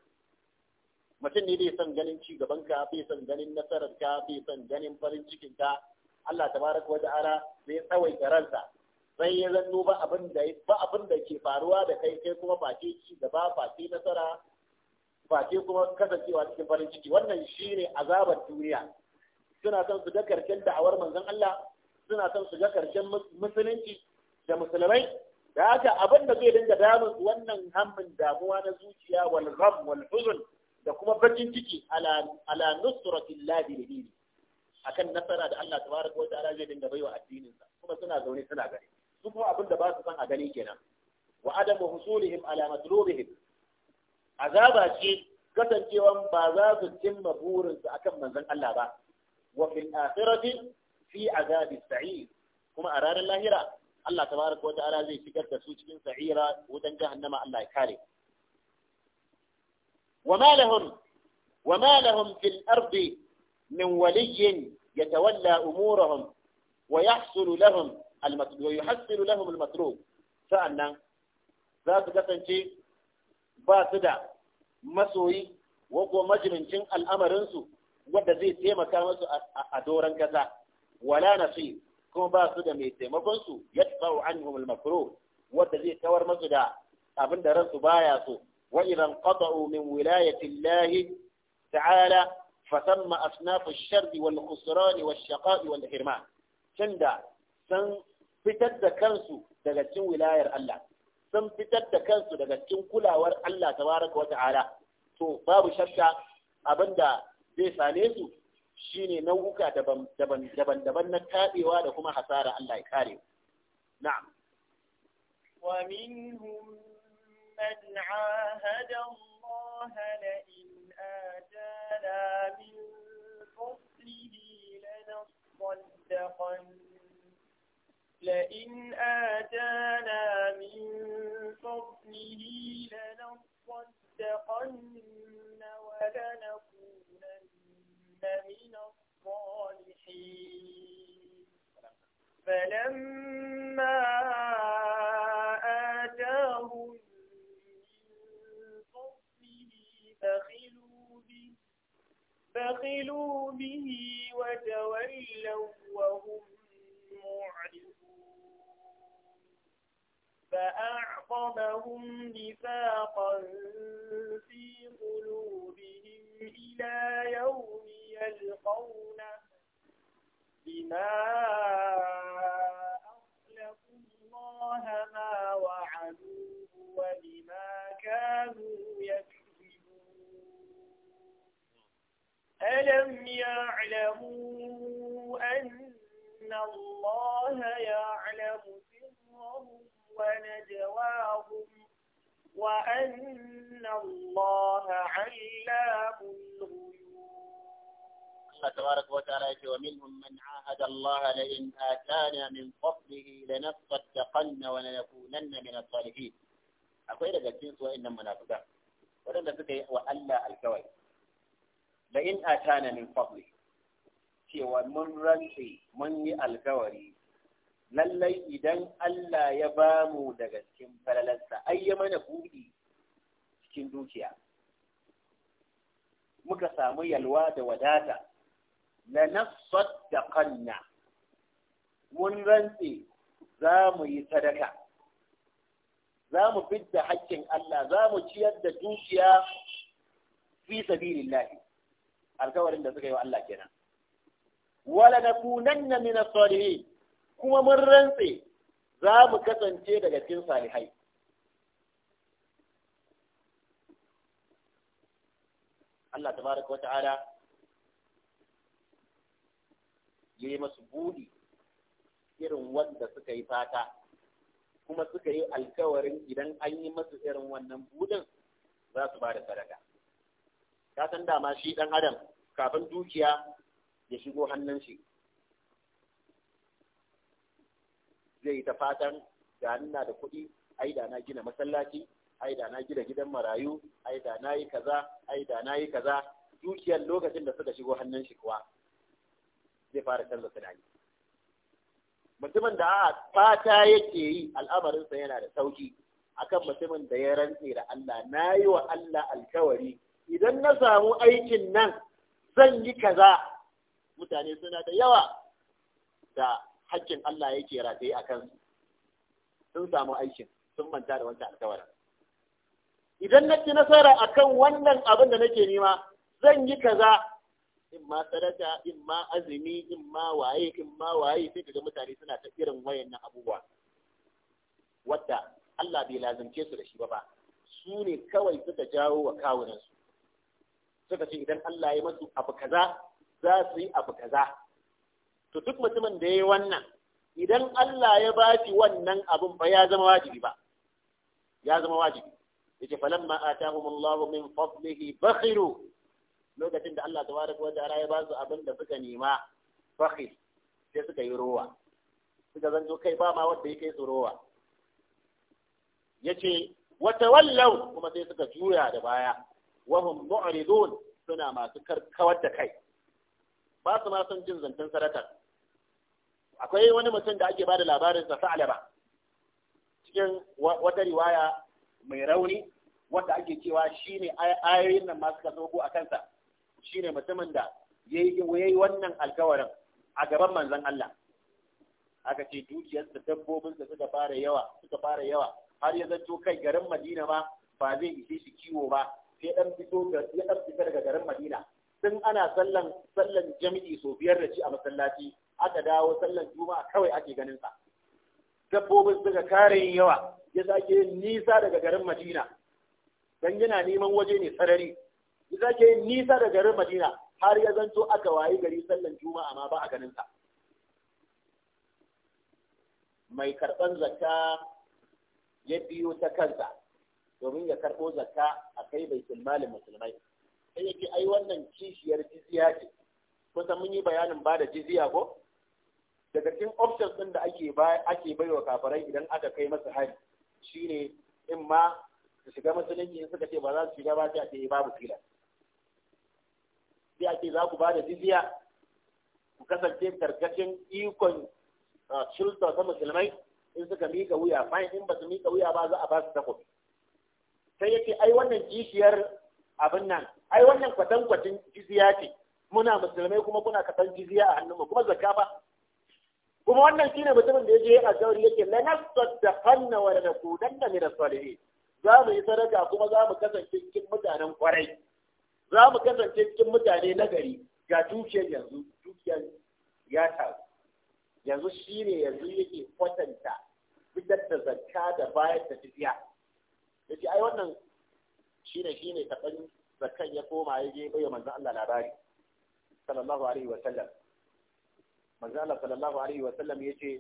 mutum ne bai son ganin ci gaban ka bai son ganin nasarar ka bai son ganin farin cikin ka Allah tabaraka wa ta'ala zai tsawai ransa sai ya zanno ba abin da ba abin da ke faruwa da kai kai kuma face ci gaba face nasara face kuma kasancewa cikin farin ciki wannan shine azabar duniya suna son su ga karshen da'awar manzon Allah suna son su ga karshen musulunci da musulmai da haka abin da zai dinga damun wannan hammin damuwa na zuciya wal gham wal huzn da kuma bakin ciki ala ala nusratillah bi akan nasara da Allah tabaraka wa ta'ala zai dinga baiwa addinin sa kuma suna zaune suna gani su kuma abin da ba su san a gani kenan wa adamu husulihim ala matlubihim azaba ce kasancewan ba za su cimma burinsu akan manzon Allah ba وفي الآخرة في عذاب السعير كما أرار الله هنا الله تبارك وتعالى زي فكرة سوچ من سعيرة ودن جهنم الله يكاري وما لهم وما لهم في الأرض من ولي يتولى أمورهم ويحصل لهم المطلوب ويحصل لهم المطلوب فأنا ذات شيء باسدا مسوي وقو الأمر الأمرنسو wanda zai taimaka musu a doron kasa wala fi kuma ba su da mai taimakonsu su yatba'u anhum al-makruh Wadda zai kawar musu da abin da ransu baya so wa idan qata'u min wilayati Allah ta'ala fa thamma asnaf ash-shar wal khusran wa shaqa wal hirman tunda Sun fitar da kansu daga cikin wilayar Allah sun fitar da kansu daga cikin kulawar Allah tabaraka wa ta'ala to babu shakka abinda zai same su shine nau'uka daban-daban na taɓewa da kuma hasara Allah ya kare na'am wa minhum man 'ahada Allah min آتانا من فضله لنصدقن لئن آتانا من فضله لنصدقن ولنكن من الصالحين فلما آتاهم من فضله بخلوا به بخلوا به وتولوا وهم معرضون فأعقبهم نفاقا في قلوبهم إلى يوم يلقون بما أخلقوا الله ما وعدوه وبما كانوا يكذبون ألم يعلموا أن الله يعلم سرهم ونجواهم وأن الله علام الغيوب الله تبارك وتعالى ومنهم من عاهد الله لئن آتانا من فضله لنصدقن ولنكونن من الصالحين akwai daga cikin su wa'annan munafikan waɗanda suka yi wa Allah alkawari la in atana min fadli cewa mun rantsi mun yi alkawari lallai idan Allah ya ba mu daga cikin falalarsa ai ya mana buɗi cikin dukiya muka samu yalwa da wadata da nasaddaqanna mun rantse za mu yi sadaka za mu fidda haƙƙin Allah za mu ciyar da dukiya fi sabilillahi alkawarin da suka yi wa Allah kenan wala na kunan na salihin kuma mun rantse za mu kasance daga cikin salihai Allah wata ada ya yi masu buɗi irin wanda suka yi fata kuma suka yi alkawarin idan an yi masu irin wannan buɗin za su ba sadaka ka san dama shi ɗan adam kafin dukiya ya shigo hannun shi zai yi ta fatan da na da kuɗi ai da na gina masallaci ai da na gina gidan marayu ai da na yi kaza ai da na yi kaza dukiyar lokacin da suka shigo hannun shi kuwa zai fara canza tunani mutumin da a fata yake yi al'amarinsa yana da sauki akan mutumin da ya rantse da Allah na yi wa Allah alkawari idan na samu aikin nan zan yi kaza mutane suna da yawa da hakkin Allah yake rataye a kansu sun samu aikin sun manta da wancan alkawarin idan na ci nasara a kan wannan abin da nake nema zan yi kaza in ma sadaka in ma azumi in ma waye in ma waye sai kaga mutane suna ta irin wayannan abubuwa wadda Allah bai lazimce su da shi ba ba su ne kawai suka jawo wa kawunansu suka ce idan Allah ya masu abu kaza za su yi abu kaza to duk mutumin da ya yi wannan idan Allah ya ba shi wannan abin ba ya zama wajibi ba ya zama wajibi yace falamma Allahu min fadlihi bakhiru lokacin da Allah tabaraka wa ta'ala ya ba su abin da suka nema bakhir sai suka yi rowa suka zanto kai ba ma wanda ya su rowa yace wata wallau kuma sai suka juya da baya hum mu'ridun suna masu karkawar da kai ba su ma son jin zantan sadakar akwai wani mutum da ake bada labarin sa sa'alaba cikin wata riwaya mai rauni wanda ake cewa shine ayoyin nan masu kaso ko a kansa shine mutumin da yayi wannan alkawarin a gaban manzon Allah aka ce dukiyarsa dabbobin da suka fara yawa suka fara yawa har ya zato kai garin Madina ma ba zai ishe shi kiwo ba sai dan fito ya dan fita daga garin Madina tun ana sallan sallan jami'i so biyar da ci a masallaci aka dawo sallan juma'a kawai ake ganin sa dabbobin suka kare yawa ya sake yin nisa daga garin madina dan yana neman waje ne sarari ya sake yin nisa daga garin madina har ya zanto aka wayi gari sallan juma'a ma ba a ganin sa mai karban zakka ya biyo ta kansa domin ya karɓo zakka a kai bai malin musulmai sai yake ai wannan kishiyar jiziya ce kusan mun yi bayanin ba da jiziya ko daga cikin options ɗin da ake ake baiwa kafirai idan aka kai masa hari shine in ma su shiga musulunci in suka ce ba za su shiga ba sai a ce eh, babu fila sai ake ce za ku ba da jizya ku kasance karkashin ikon shilta ta musulmai in suka mika wuya bayan in ba su mika wuya ba za a ba su takobi sai yake ai wannan kishiyar abin nan ai wannan kwatankwacin jizya ce muna musulmai kuma kuna katan jizya a hannunmu kuma zakka ba kuma wannan shi ne mutumin da ya je a zauri yake da nasaddaqanna wa lanakunanna min as-salihin za mu yi sadaka kuma za mu kasance cikin mutanen kwarai za mu kasance cikin mutane na gari ga dukiyar yanzu dukiyar ya taru yanzu ne yanzu yake kwatanta fitar da zakka da bayar da tafiya ke ai wannan shi ne-shi ne taban zakkan ya koma ya je bai manzan Allah labari sallallahu alaihi wa sallam manzala sallallahu alaihi wasallam ya ce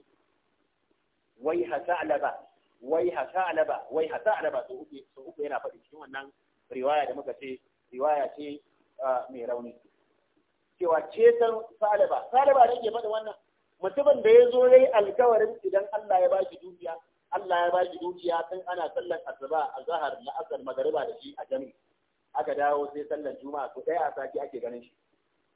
wai ha ta'laba wai ha ta'laba wai ha ta'laba su uku su uku yana faɗi cikin wannan riwaya da muka ce riwaya ce mai rauni cewa ce san salaba salaba da ke faɗi wannan mutumin da ya zo ya yi alkawarin idan Allah ya ba shi dukiya Allah ya ba shi dukiya tun ana sallar asuba a zahar na asar magariba da shi a jami'i aka dawo sai sallar juma'a to ɗaya a sati ake ganin shi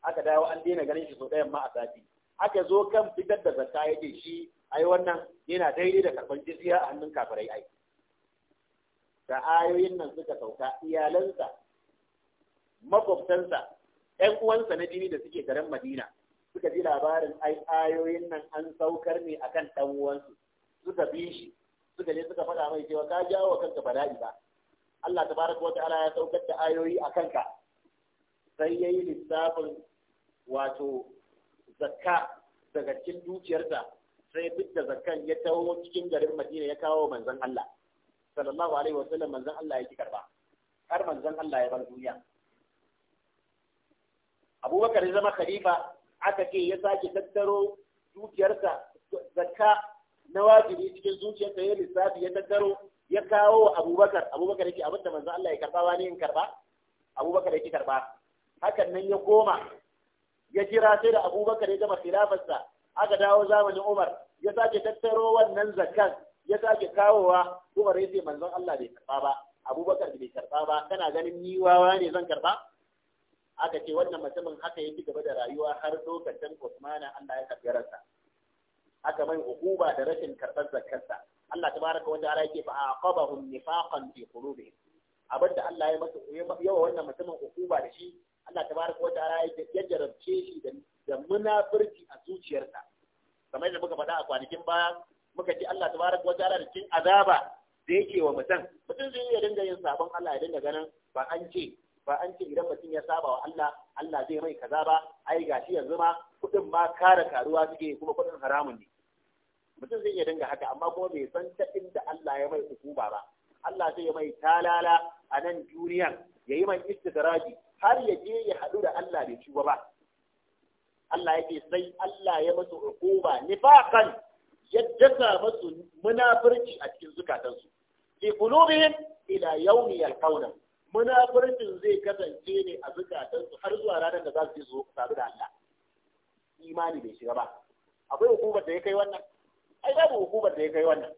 aka dawo an daina ganin shi so ɗayan ma a sati aka zo kan fitar da zakka yake shi ai wannan yana daidai da karban jizya a hannun kafirai ai da ayoyin nan suka sauka iyalansa makwabtansa ƴan uwansa na jini da suke garin Madina suka ji labarin ai ayoyin nan an saukar ne akan ɗan uwansu suka bi shi suka je suka faɗa mai cewa ka jawo kanka bala'i ba Allah tabaraka wa ta'ala ya saukar da ayoyi a kanka sai yayi lissafin wato zakka daga cikin dukiyarsa sai duk da zakkan ya taho cikin garin Madina ya kawo manzon Allah sallallahu alaihi wasallam manzon Allah ya ki karba har manzon Allah ya bar duniya Abubakar ya zama khalifa aka ce ya sake tattaro dukiyarsa zakka na wajibi cikin zuciyarsa ya lissafi ya tattaro ya kawo wa Abubakar Abubakar yake abinda manzon Allah ya karba wani in karba Abubakar yake karba hakan nan ya koma ya jira sai da abubakar ya gama khilafarsa aka dawo zamanin umar ya sake tattaro wannan zakan ya sake kawowa umar ya ce manzon Allah bai karba ba abubakar bai karba ba kana ganin ni wawa ne zan karba aka ce wannan mutumin haka ya ci gaba da rayuwa har lokacin Usmana Allah ya karbi ransa aka mai hukuma da rashin karɓar zakarsa Allah tabaraka wa ta'ala yake fa aqabahum nifaqan fi qulubihim abinda Allah ya masa yawa wannan mutumin hukuma da shi Allah ta baraka wa ta'ala ya jarabce shi da munafurci a zuciyarsa kamar da muka faɗa a kwanakin baya muka ji Allah baraka wa ta'ala da cin azaba da yake wa mutum mutum zai iya dinga yin sabon Allah ya dinga ganin ba an ce ba an ce idan mutum ya saba wa Allah Allah zai mai kaza ba ai gashi yanzu ma kuɗin ma kare karuwa suke kuma kuɗin haramun ne mutum zai iya dinga haka amma kuma bai san ta inda Allah ya mai hukuma ba Allah zai mai talala a nan duniyar ya yi man istidraji har ya je ya haɗu da Allah bai tuba ba Allah ya ce sai Allah ya masu hukuma kan ya dasa masu munafurci a cikin zukatansu fi qulubihim ila yawmi yalqawna munafurcin zai kasance ne a zukatansu har zuwa ranar da za su je su sadu da Allah imani bai shiga ba akwai hukumar da ya kai wannan ai babu hukumar da ya kai wannan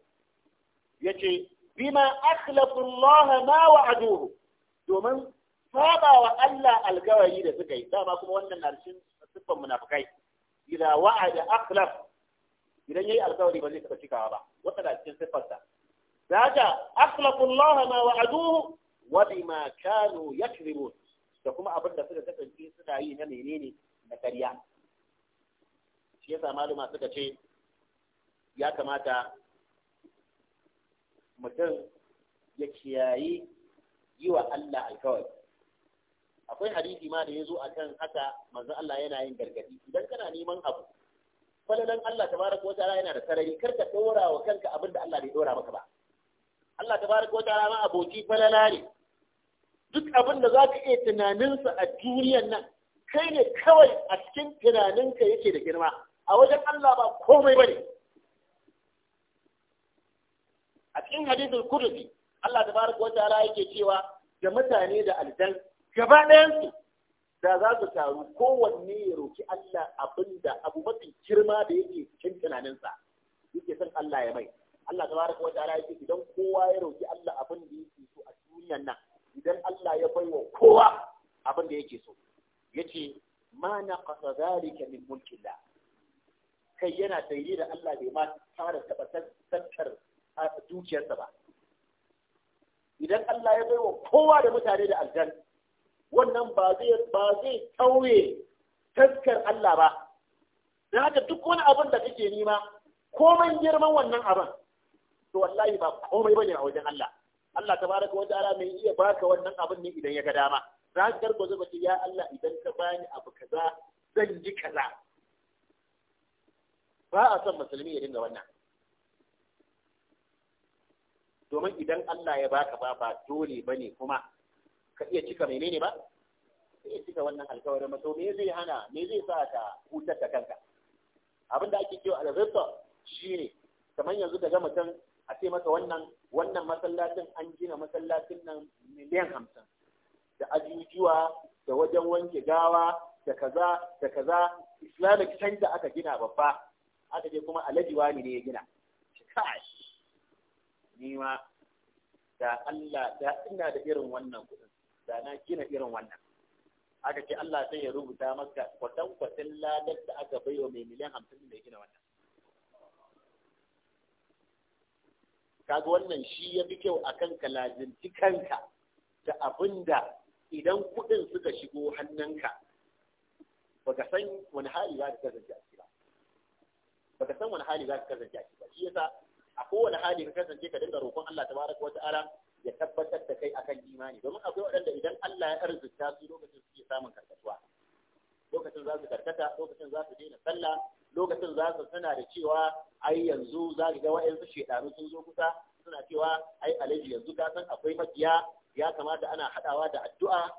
Ya ce, bima akhlafu Allah ma wa'aduhu domin saba wa Allah alkawari da suka yi dama kuma wannan na cikin siffar munafikai idan wa'ada akhlaf idan yayi alkawari ba zai taɓa cikawa ba wata da cikin ta daga Allah ma wa'aduhu wa bima kanu yakzibun da kuma abin da suka kasance suna yi na menene na ƙarya shi yasa maluma suka ce ya kamata mutum ya kiyayi yi wa Allah alkawari akwai hadisi ma da ya zo akan haka manzo Allah yana yin gargadi idan kana neman abu falalan Allah tabaraka wa ta'ala yana da sarari kar ka dora wa kanka abin da Allah bai dora maka ba Allah tabaraka wa ta'ala ma aboki falala ne duk abin da zaka iya tunaninsa a duniyar nan kai ne kawai a cikin tunaninka yake da girma a wajen Allah ba komai bane a cikin hadisul kudusi Allah tabaraka wa ta'ala yake cewa da mutane da aljan gaba ɗayansu da za su taru kowanne ya roki Allah abin da abu mafi girma da yake cikin tunaninsa yake son Allah ya mai Allah ta baraka wa ta'ala yake idan kowa ya roki Allah abin da yake so a duniyar nan idan Allah ya bai wa kowa abin da yake so yace ma naqasa zalika min mulkillah kai yana tsaye da Allah bai ma fara tabbatar tattar dukiyarsa ba idan Allah ya bai wa kowa da mutane da aljanna wannan ba zai ba zai taskar Allah ba dan haka duk wani abin da kake nima komai girman wannan abin to wallahi ba komai bane a wajen Allah Allah ta tabaraka wa ta'ala mai iya baka wannan abin ne idan ya ga dama za ka karko zuba ce ya Allah idan ka bani abu kaza zan ji kaza ba a son musulmi ya dinga wannan domin idan Allah ya baka ba ba dole bane kuma ka iya cika menene ba ka iya cika wannan alkawarin mato me zai hana me zai sa ka hutar da kanka abin da ake cewa alzirta shine kamar yanzu ka ga mutum a ce maka wannan wannan masallacin an gina masallacin nan miliyan hamsin da ajujuwa da wajen wanke gawa da kaza da kaza islamic center aka gina babba aka je kuma alajiwa ne ya gina ni da Allah da ina da irin wannan kudin da na gina irin wannan aka ce Allah sai ya rubuta maka kwatan kwatan ladar da aka wa mai miliyan hamsin ya gina wannan kaga wannan shi ya fi kyau a kanka lazimci kanka da abin da idan kuɗin suka shigo hannunka baka san wani hali za ka kasance a Ba baka san wani hali za ka kasance a ciki ba shi yasa a kowane hali ka kasance ka dinga roƙon Allah tabaraka wa ta'ala ya tabbatar da kai akan imani domin akwai waɗanda idan Allah ya arzuta su lokacin suke samun karkatuwa lokacin za su karkata lokacin za su daina sallah lokacin za su suna da cewa ai yanzu za ka ga wa'ansu shedanu sun zo kusa suna cewa ai alaji yanzu ka san akwai makiya ya kamata ana hadawa da addu'a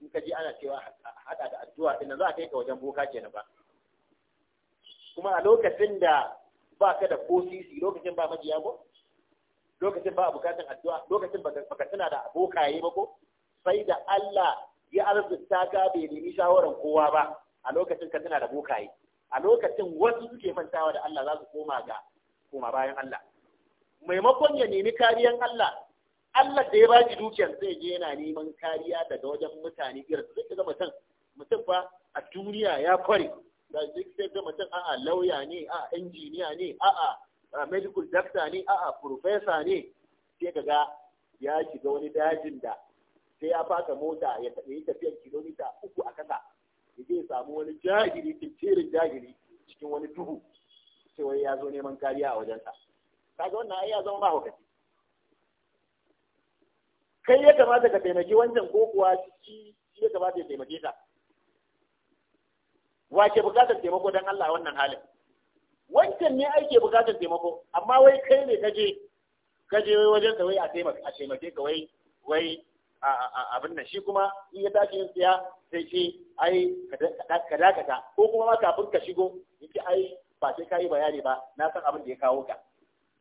in ka ji ana cewa hada da addu'a din za ka kai ka wajen boka kenan ba kuma a lokacin da ba ka da kosisi lokacin ba majiya ko lokacin ba a bukatan addu'a lokacin baka tana da abokaye ba ko sai da Allah ya arzuta ka bai nemi shawaran kowa ba a lokacin ka tana da bokaye a lokacin wasu suke mantawa da Allah za su koma ga koma bayan Allah maimakon ya nemi kariyan Allah Allah da ya ba shi dukiyar sai je yana neman kariya daga wajen mutane irin sai zama mutum mutum fa a duniya ya kware da sai zama mutum a'a lauya ne a'a injiniya ne a'a medical doctor ne a'a professor ne sai kaga ga ya shiga wani dajin da sai ya fasa mota ya tafi tafiyar kilomita uku a kasa ya je samu wani jahili tintirin jahili cikin wani duhu cewa ya zo neman kariya a wajensa kaga wannan ai ya zama mahaukaci kai ya kamata ka taimaki wancan ko kuwa shi ya kamata ya taimake ka wa ke bukatar taimako don Allah wannan halin wancan ne ake bukatar taimako amma wai kai ne ka je ka wajen ka wai a taimaka a taimake ka wai wai abin nan shi kuma in ya tashi yin siya sai ce ai ka dakata ko kuma ma kafin ka shigo yake ai ba sai ka yi bayani ba na san abin da ya kawo ka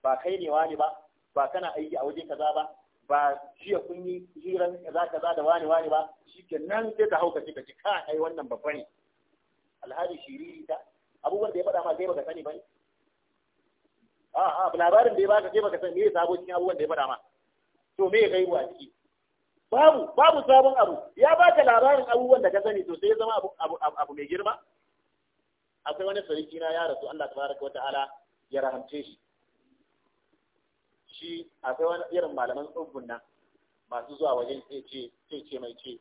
ba kai ne wani ba ba kana aiki a waje kaza ba ba ya kun yi hiran kaza kaza da wani wani ba shi ke nan sai ta hauka ka ka ci ka ai wannan babba ne alhali shiriri ta abubuwan da ya faɗa ma kai baka sani bane a ah, a ah, labarin da ya baka kai baka sani ne sabo cikin abubuwan da ya faɗa ma to me kai a ciki babu babu sabon abu ya baka labarin abubuwan da ka sani to sai ya zama abu abu mai girma akwai wani sarki na ya rasu Allah tabaraka wataala ya rahamce shi shi akwai wani irin malaman tsubbun nan masu zuwa wajen sai ce sai ce mai ce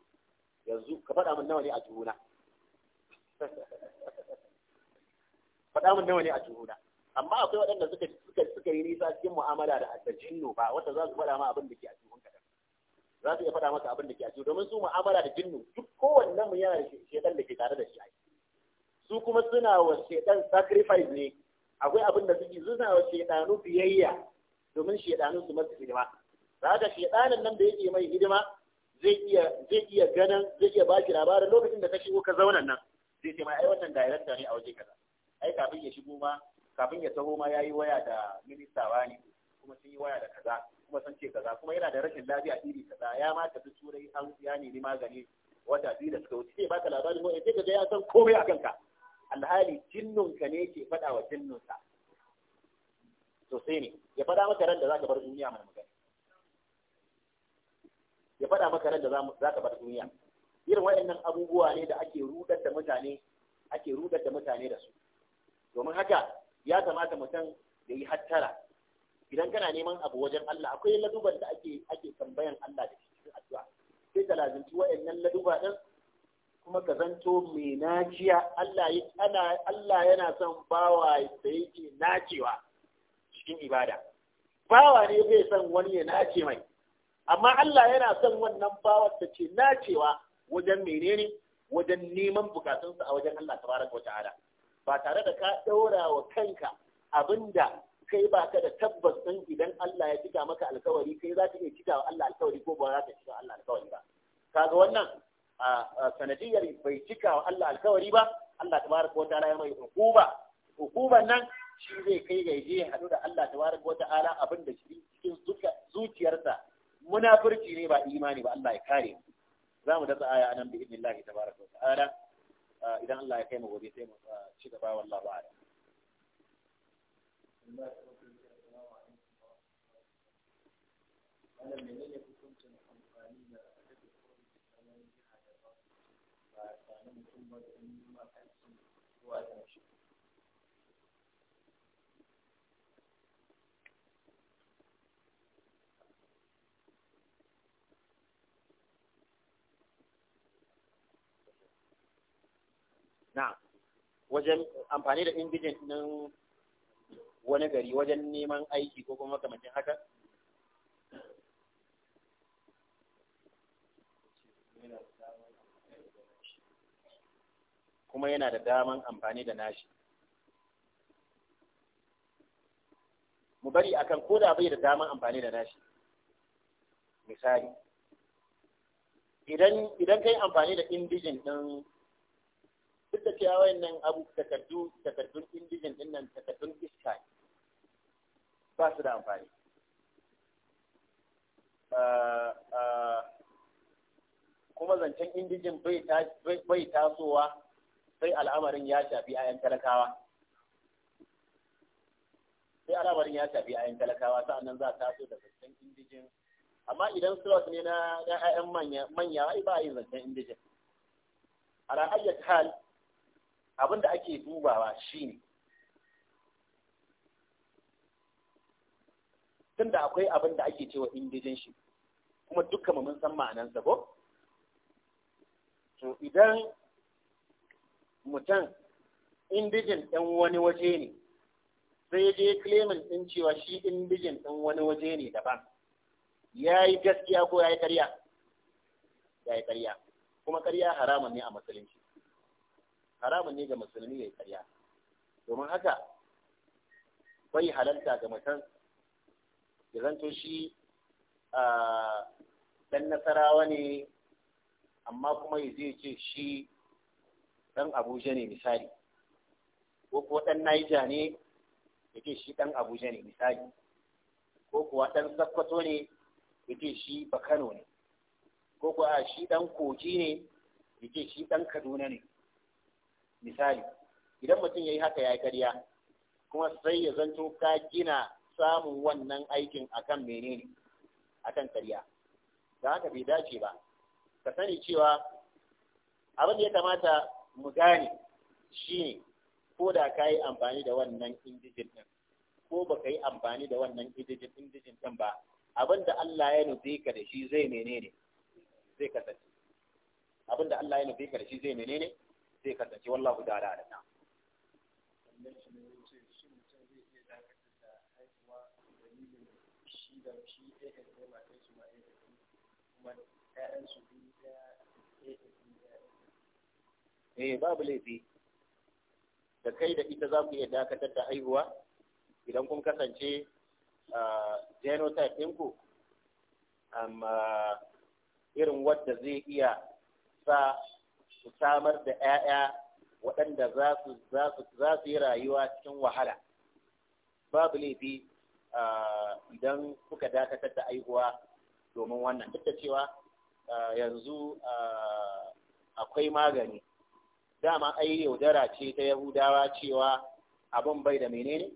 yanzu ka faɗa min nawa ne a juna (laughs) faɗa min nawa ne a juhuda amma akwai waɗanda suka suka suka yi nisa cikin mu'amala da da jinnu ba wata za su faɗa ma abin da ke a juhun ka za su iya faɗa maka abin da ke a juhun domin su mu'amala da jinnu duk kowanne mu yana da shedan da ke tare da shi a su kuma suna wa shedan sacrifice ne akwai abin da suke suna wa shedanu biyayya domin shedanu su masu hidima Za ka shedanin nan da yake mai hidima zai iya zai iya ganin zai iya ba shi labarin lokacin da ka shigo ka zauna nan zai ce mai ai wannan director ne a waje kaza ai kafin ya shigo ma kafin ya taho ma yayi waya da minista wani kuma sun yi waya da kaza kuma sun ce kaza kuma yana da rashin lafiya iri kaza ya ma ta turai an ya nemi magani wata biyu da suka wuce sai baka labarin ko sai kaga ya san komai a kanka alhali jinnunka ne ke faɗa wa to sosai ne ya faɗa maka ran da zaka bar duniya mana magani ya faɗa maka ran da zaka bar duniya irin waɗannan abubuwa ne da ake rudar da mutane ake rudar da mutane da su domin haka ya kamata mutum ya yi hattara idan kana neman abu wajen Allah akwai laduban da ake ake tambayan Allah da cikin addu'a sai ka lazimci waɗannan laduba din kuma ka zanto mai naciya Allah ya Allah yana son bawa da yake nacewa cikin ibada bawa ne bai son wani ya nace mai amma Allah yana son wannan bawar da ce nacewa wajen menene wajen neman bukatunsa a wajen Allah tabaraka wa ta'ala ba tare da ka ɗaura wa kanka abinda kai ba ka da tabbas ɗin idan Allah ya cika maka alkawari kai za ka iya cika wa Allah alkawari ko ba za ka cika Allah alkawari ba kaga wannan a sanadiyar bai cika wa Allah alkawari ba Allah ta tabaraka wa ta'ala ya mai hukuma hukuman nan shi zai kai ga je ya haɗu da Allah ta tabaraka wa ta'ala abin da shi cikin zuciyarsa munafurci ne ba imani ba Allah ya kare mu za mu dasa aya nan bi idnillahi tabaraka wa ta'ala idan Allah ya kai mu gobe sai mu ci gaba wallahu a'lam da Now. wajen amfani da indijin nan wani gari wajen neman aiki ko kuma makamacin haka? kuma yana da daman amfani da nashi mu bari akan koda bai da daman amfani da nashi misali idan idan kai amfani da indijin ɗin duk da cewa nan abu takardu takardun indijin din nan takardun iska ba su da amfani ah, ah, kuma zancen indijin bai tasowa sai al'amarin ya shafi ayan talakawa sai al'amarin ya shafi ayan talakawa sa'annan za a taso da zancen indijin amma idan slot ne na 'ya'yan manya manya ai ba a yin zancen indijin ala ayyat hal abin da ake dubawa shine tunda akwai abin da ake cewa indijin shi kuma dukkan mun san ma'anansa ko to idan mutum indijin ɗan wani waje ne sai je claimant ɗin cewa shi indijin ɗin wani waje ne daban ya yi gaskiya ko ya yi ƙarya ya yi ƙarya kuma ƙarya haramun ne a musulunci haramun ne ga musulmi ya yi karya domin haka bai halalta ga mutum ya zanto shi ɗan nasarawa ne amma kuma ya zai ce shi ɗan abuja ne misali ko kuwa ɗan naija ne ya ce shi ɗan abuja ne misali ko kuwa ɗan sakkwato ne ya ce shi bakano ne ko kuwa shi ɗan koji ne ya ce shi ɗan kaduna ne misali idan mutum ya yi haka ya yi karya kuma sai ya zanto ka gina samun wannan aikin a kan menene kan karya da haka bai dace ba ka sani cewa abin da ya kamata mu gane shi ne, ko da ka yi amfani da wannan indijin ɗin ko ba ka yi amfani da wannan indijin ɗin ba abin da Allah ya nufi ka da shi zai menene zai kasance abin da Allah ya nufi ka da shi zai menene zai kasance wallahu da ala na Eh babu laifi da kai da ita za ku iya dakatar da haihuwa idan kun kasance a genotype ɗinku irin wadda zai iya sa su samar da 'ya'ya waɗanda za su yi rayuwa cikin wahala babu laifi idan kuka dakatar da aihuwa domin wannan duk da cewa yanzu akwai magani dama ai yaudara ce ta yahudawa cewa abin bai da menene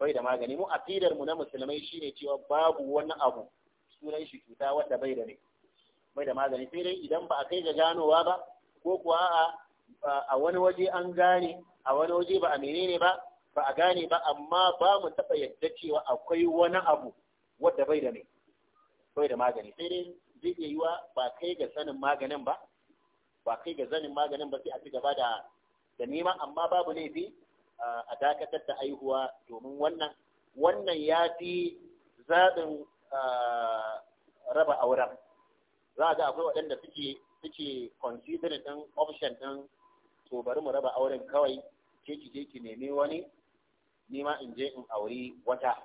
bai da magani mu aqidar mu na musulmai shine cewa babu wani abu sunan shi cuta wanda bai da ne bai da magani sai dai idan ba a kai ga ganowa ba ko kuwa a wani waje an gane a wani waje ba a menene ba ba a gane ba amma ba mu taɓa yadda cewa akwai wani abu wadda bai da mai bai da magani sai dai zai iya yiwa ba kai ga sanin maganin ba ba kai ga sanin maganin ba sai a ci gaba da da nema amma babu laifi a dakatar da aihuwa domin wannan wannan ya fi zaɓin raba auren za a ga akwai waɗanda suke suke consider din option din to bari mu raba auren kawai ke ki ki nemi wani ni ma in je in auri wata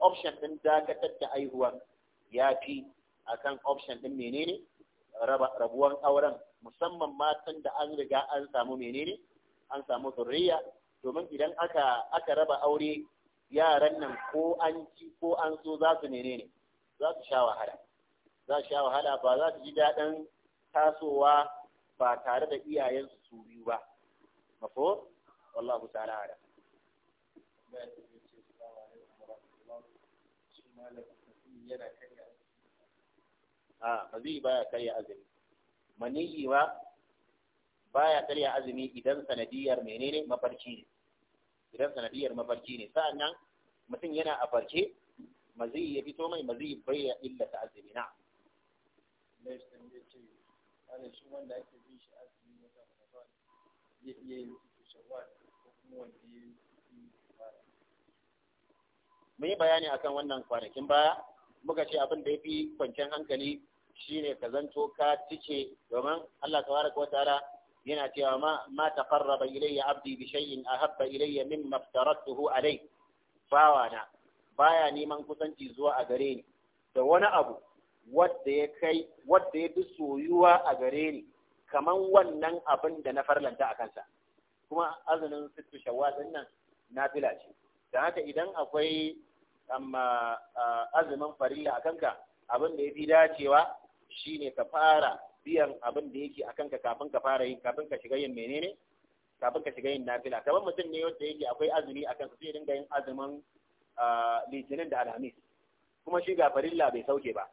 option din dakatar da aihuwa ya fi akan option din menene rabuwan auren musamman matan da an riga an samu menene an samu zurriya domin idan aka aka raba aure yaran nan ko an ci ko an so za su menene za su sha wahala za su sha wahala ba za su ji daɗin tasowa ba tare da iyayensu su biyu ba mafo wallahu ta'ala ala a ah, mazi baya karya azumi maniyi ba baya karya azumi idan sanadiyar menene mafarki ne idan sanadiyar mafarki ne sa'annan mutum yana a farke mazi ya fito mai mazi bai ya illata azumi na. wanda yi mun yi bayani akan wannan kwanakin baya muka ce abin da ya fi kwanciyar hankali shine ka zanto ka tice domin Allah tabaraka wa ta'ala yana cewa ma ma taqarraba ilayya abdi bi shay'in ahabba ilayya a aftaratuhu fawa bawana baya neman kusanci zuwa a gare ni da wani abu wadda ya kai wadda ya fi soyuwa a gare ni kaman wannan abin da na farlanta a kansa kuma azumin sittu shawwal nan na fila ce don haka idan akwai amma um, uh, uh, azumin farilla a kanka abin da ya fi dacewa shine ka fara biyan abin da yake a kanka kafin ka fara yin kafin ka shiga yin menene kafin ka shiga yin nafila kamar mutum ne wanda yake akwai azumi a kansa sai dinga yin azumin uh, litinin da alhamis kuma shi ga farilla bai sauke ba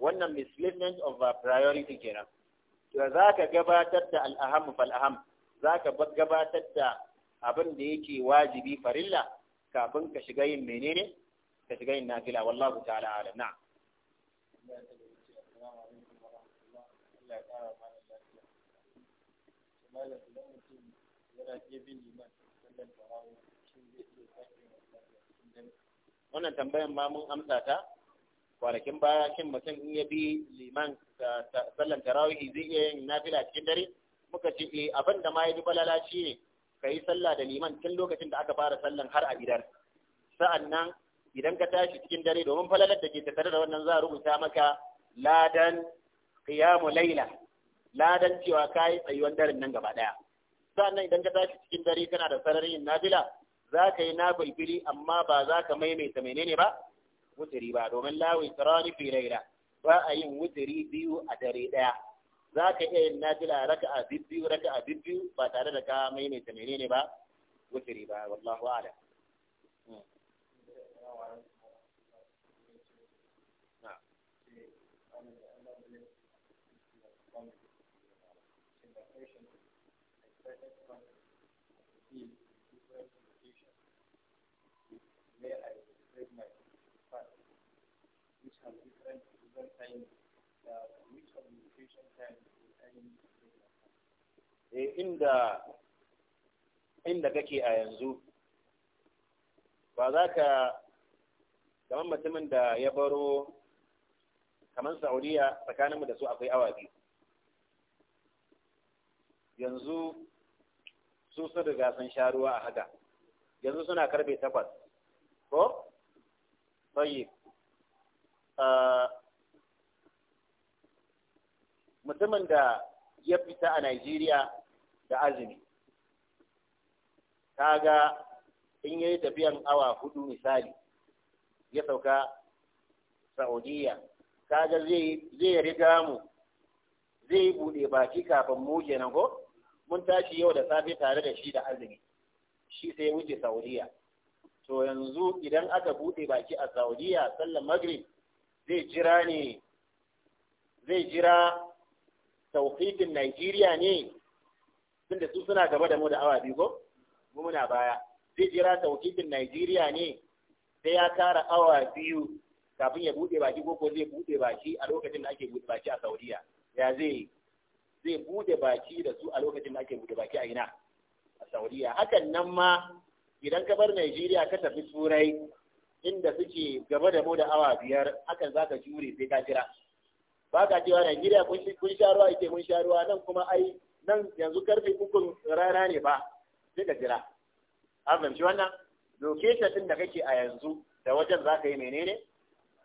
wannan misplacement of a priority kenan to za ka gabatar da al'aham fal'aham za ka gabatar da abin da yake wajibi farilla kafin ka shiga yin menene ka shiga yin nafila wallahu ta'ala ala na wannan tambayan ma mun amsa ta kwanakin baya kin mutum in ya bi liman sallan tarawihi zai iya yin nafila cikin dare muka ce eh abin da ma ya bi balala shi ne ka yi sallah da liman tun lokacin da aka fara sallan har a idar nan idan ka tashi cikin dare domin falalar da ke tattare da wannan za a rubuta maka ladan qiyamu laila ladan cewa ka yi tsayuwan daren nan gaba daya nan idan ka tashi cikin dare kana da sararin nafila za ka yi nafilfili amma ba za ka maimaita menene ba wuturi ba domin la witrani fi laila ba a yin wuturi biyu a dare ɗaya, za ka iya yin nafila raka'a biyu a biyu ba tare da ka maimaita menene ba wuturi ba wallahu a'lam Eh, inda inda kake a yanzu ba za ka kamar mutumin da ya baro kamar saudiya tsakaninmu da su akwai awa biyu yanzu su sun riga sun sha ruwa a haka yanzu suna karfe takwas ko? tsayi ah, mutumin da ya fita a Najeriya da azumi kaga in yayi tafiyan awa hudu misali ya sauka Saudiya kaga zai zai riga mu zai buɗe baki kafin mu kenan ko mun tashi yau da safe tare da shi da azumi shi sai ya wuce Saudiya to yanzu idan aka buɗe baki a Saudiya sallar Magrib zai jira ne zai jira tauhidin Najeriya ne tunda su suna gaba da mu da awa biyu ko mu muna baya zai jira tauhidin Najeriya ne sai ya tara awa biyu kafin ya bude baki ko ko zai bude baki a lokacin da ake bude baki a Saudiya ya zai zai bude baki da su a lokacin da ake bude baki a ina a Saudiya hakan nan ma idan ka bar Najeriya ka tafi Turai inda suke gaba da mu da awa biyar hakan zaka jure sai ka jira ba ka cewa Najeriya kun sha ruwa ake mun sha ruwa nan kuma ai nan yanzu karfe ukun rana ne ba sai ka jira an fahimci wannan location din da kake a yanzu da wajen za ka yi menene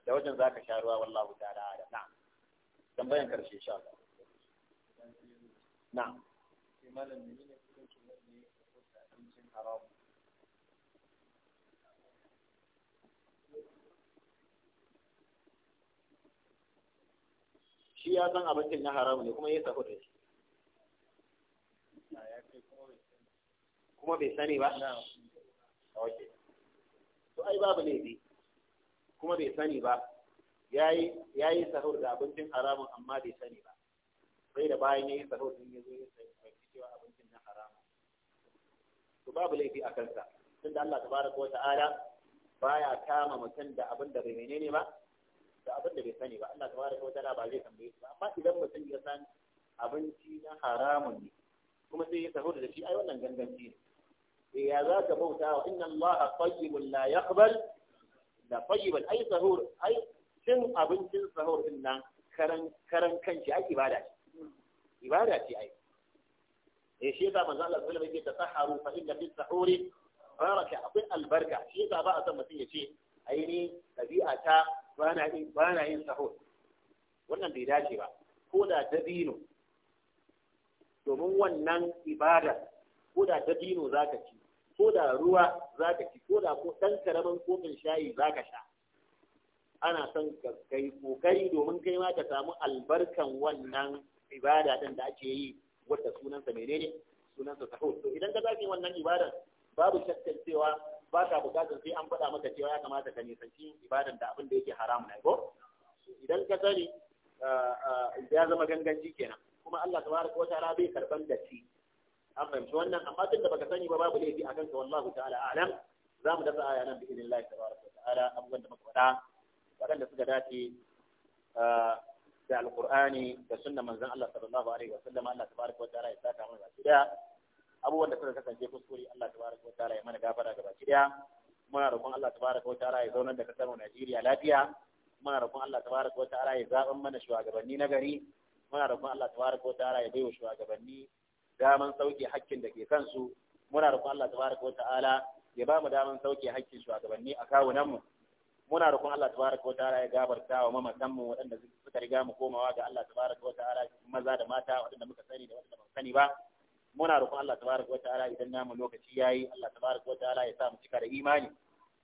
da wajen za ka sha ruwa wallahu ta'ala da na tambayan karshe sha Allah na'am shi ya san abincin na haramu ne kuma ya sahu da shi kuma bai sani ba to ai babu laifi kuma bai sani ba ya yi sahur da abincin haramun amma bai sani ba sai da bayan ya yi sahur din ya zo ya sani cewa abincin na haramun to babu laifi a kansa tunda Allah tabaraka wa ta'ala baya kama mutum da abin da bai menene ba da abin da bai sani ba Allah tabaraka wa ta'ala ba zai tambaye shi ba amma idan mutum ya san abinci na haramun ne kuma sai ya sahur da shi ai wannan ganganci ne eh ya za ka bauta wa inna Allah tayyibun la yaqbal da tayyibun ai sahur ai cin abincin sahur din nan karan karan kanshi ai ibada ce ibada ce ai eh shi yasa manzo Allah sallallahu alaihi wasallam yake tasaharu fa inna fi sahuri baraka akwai albarka shi yasa ba a san mutum ya ce aini ɗabi'a ta ba na yin sahur wannan bai dace ba ko da dabino domin wannan ibada ko da dabino za ka ci ko da ruwa za ka ci ko da ko ɗan karamin kofin shayi za ka sha ana son ka yi kokari domin kai ma ka samu albarkan wannan ibada ɗin da ake yi wadda sunansa menene sunansa sahur to idan ka zafi wannan ibadan babu shakkan cewa ba ta bukatar sai an faɗa maka cewa ya kamata ka nisanci ibadan da abin da yake haram na ko idan ka sani ya zama ganganci kenan kuma Allah tabaraka wa ta'ala bai karban da shi an fahimci wannan amma tun da baka sani ba babu laifi akan ka wallahi ta'ala alam za mu dasa aya nan bi Allah tabaraka wa ta'ala abubuwan da muka faɗa waɗanda suka dace da alqur'ani da sunnan manzon Allah sallallahu alaihi wa sallam Allah tabaraka wa ta'ala ya saka mana da abubuwan da suka kasance kuskure Allah tabaraka wa ta'ala ya mana gafara gaba daya muna roƙon Allah tabaraka wa ta'ala ya zaunar da kasar Najeriya lafiya muna roƙon Allah tabaraka wa ta'ala ya zaben mana shugabanni na gari muna roƙon Allah tabaraka wa ta'ala ya baiwa shugabanni daman sauke hakkin da ke kansu muna roƙon Allah tabaraka wa ta'ala ya ba mu daman sauke hakkin shugabanni a kawunan mu muna roƙon Allah tabaraka wa ta'ala ya gabarta wa mamatan mu waɗanda suka riga mu komawa ga Allah tabaraka wa ta'ala maza da mata waɗanda muka sani da waɗanda ba sani ba muna roƙon Allah tabaraka wa ta'ala idan namu lokaci yayi Allah tabaraka wa ta'ala ya sa mu cika da imani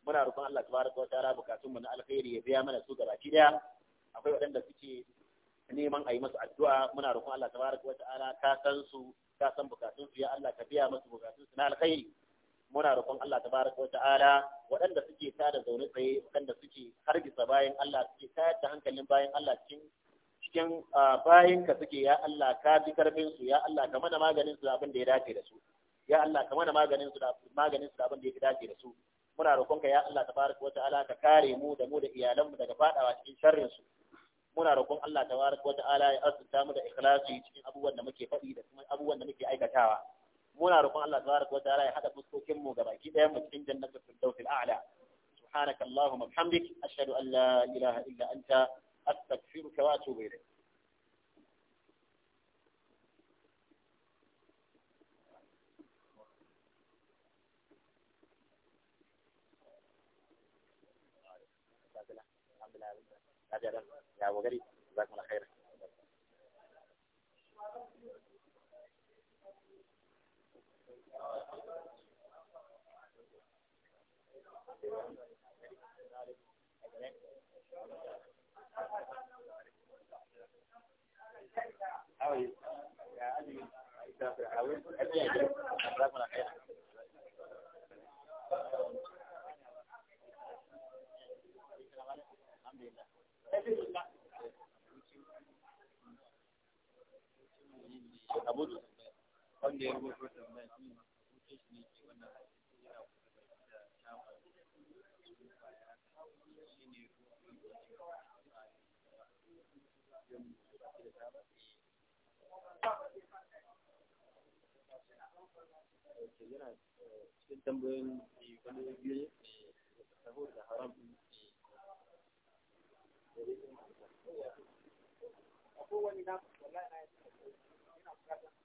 muna roƙon Allah tabaraka wa ta'ala bukatunmu na alkhairi ya biya mana su gabaki daya akwai waɗanda suke neman a yi musu addu'a muna roƙon Allah tabaraka wa ta'ala ka san su ka san bukatun su ya Allah ka biya musu bukatun su na alkhairi muna roƙon Allah tabaraka wa ta'ala waɗanda suke tada zaune tsaye waɗanda suke hargitsa bayan Allah suke tayar da hankalin bayan Allah cikin cikin bayinka suke ya Allah ka ji karfin su ya Allah ka mana maganin su abin da ya dace da su ya Allah ka mana maganin su maganin su abin da ya dace da su muna roƙonka ya Allah tabaraka wata'ala ka kare mu da mu da iyalan mu daga fadawa cikin sharrin su muna roƙon Allah tabaraka wata'ala ya azurta mu da ikhlasi cikin abubuwan da muke faɗi da kuma abubuwan da muke aikatawa muna roƙon Allah tabaraka wata'ala ya hada fuskokin mu ga baki ɗaya mu cikin jannatul firdausil a'la subhanakallahumma bihamdik ashhadu an la ilaha illa anta التكفير وأتوب إليك يا أبو جري جزاكم الله خير abu wanda yana eh, cikin tambayoyin da biyu ne eh, saboda haram akwai wani na wallahi na yana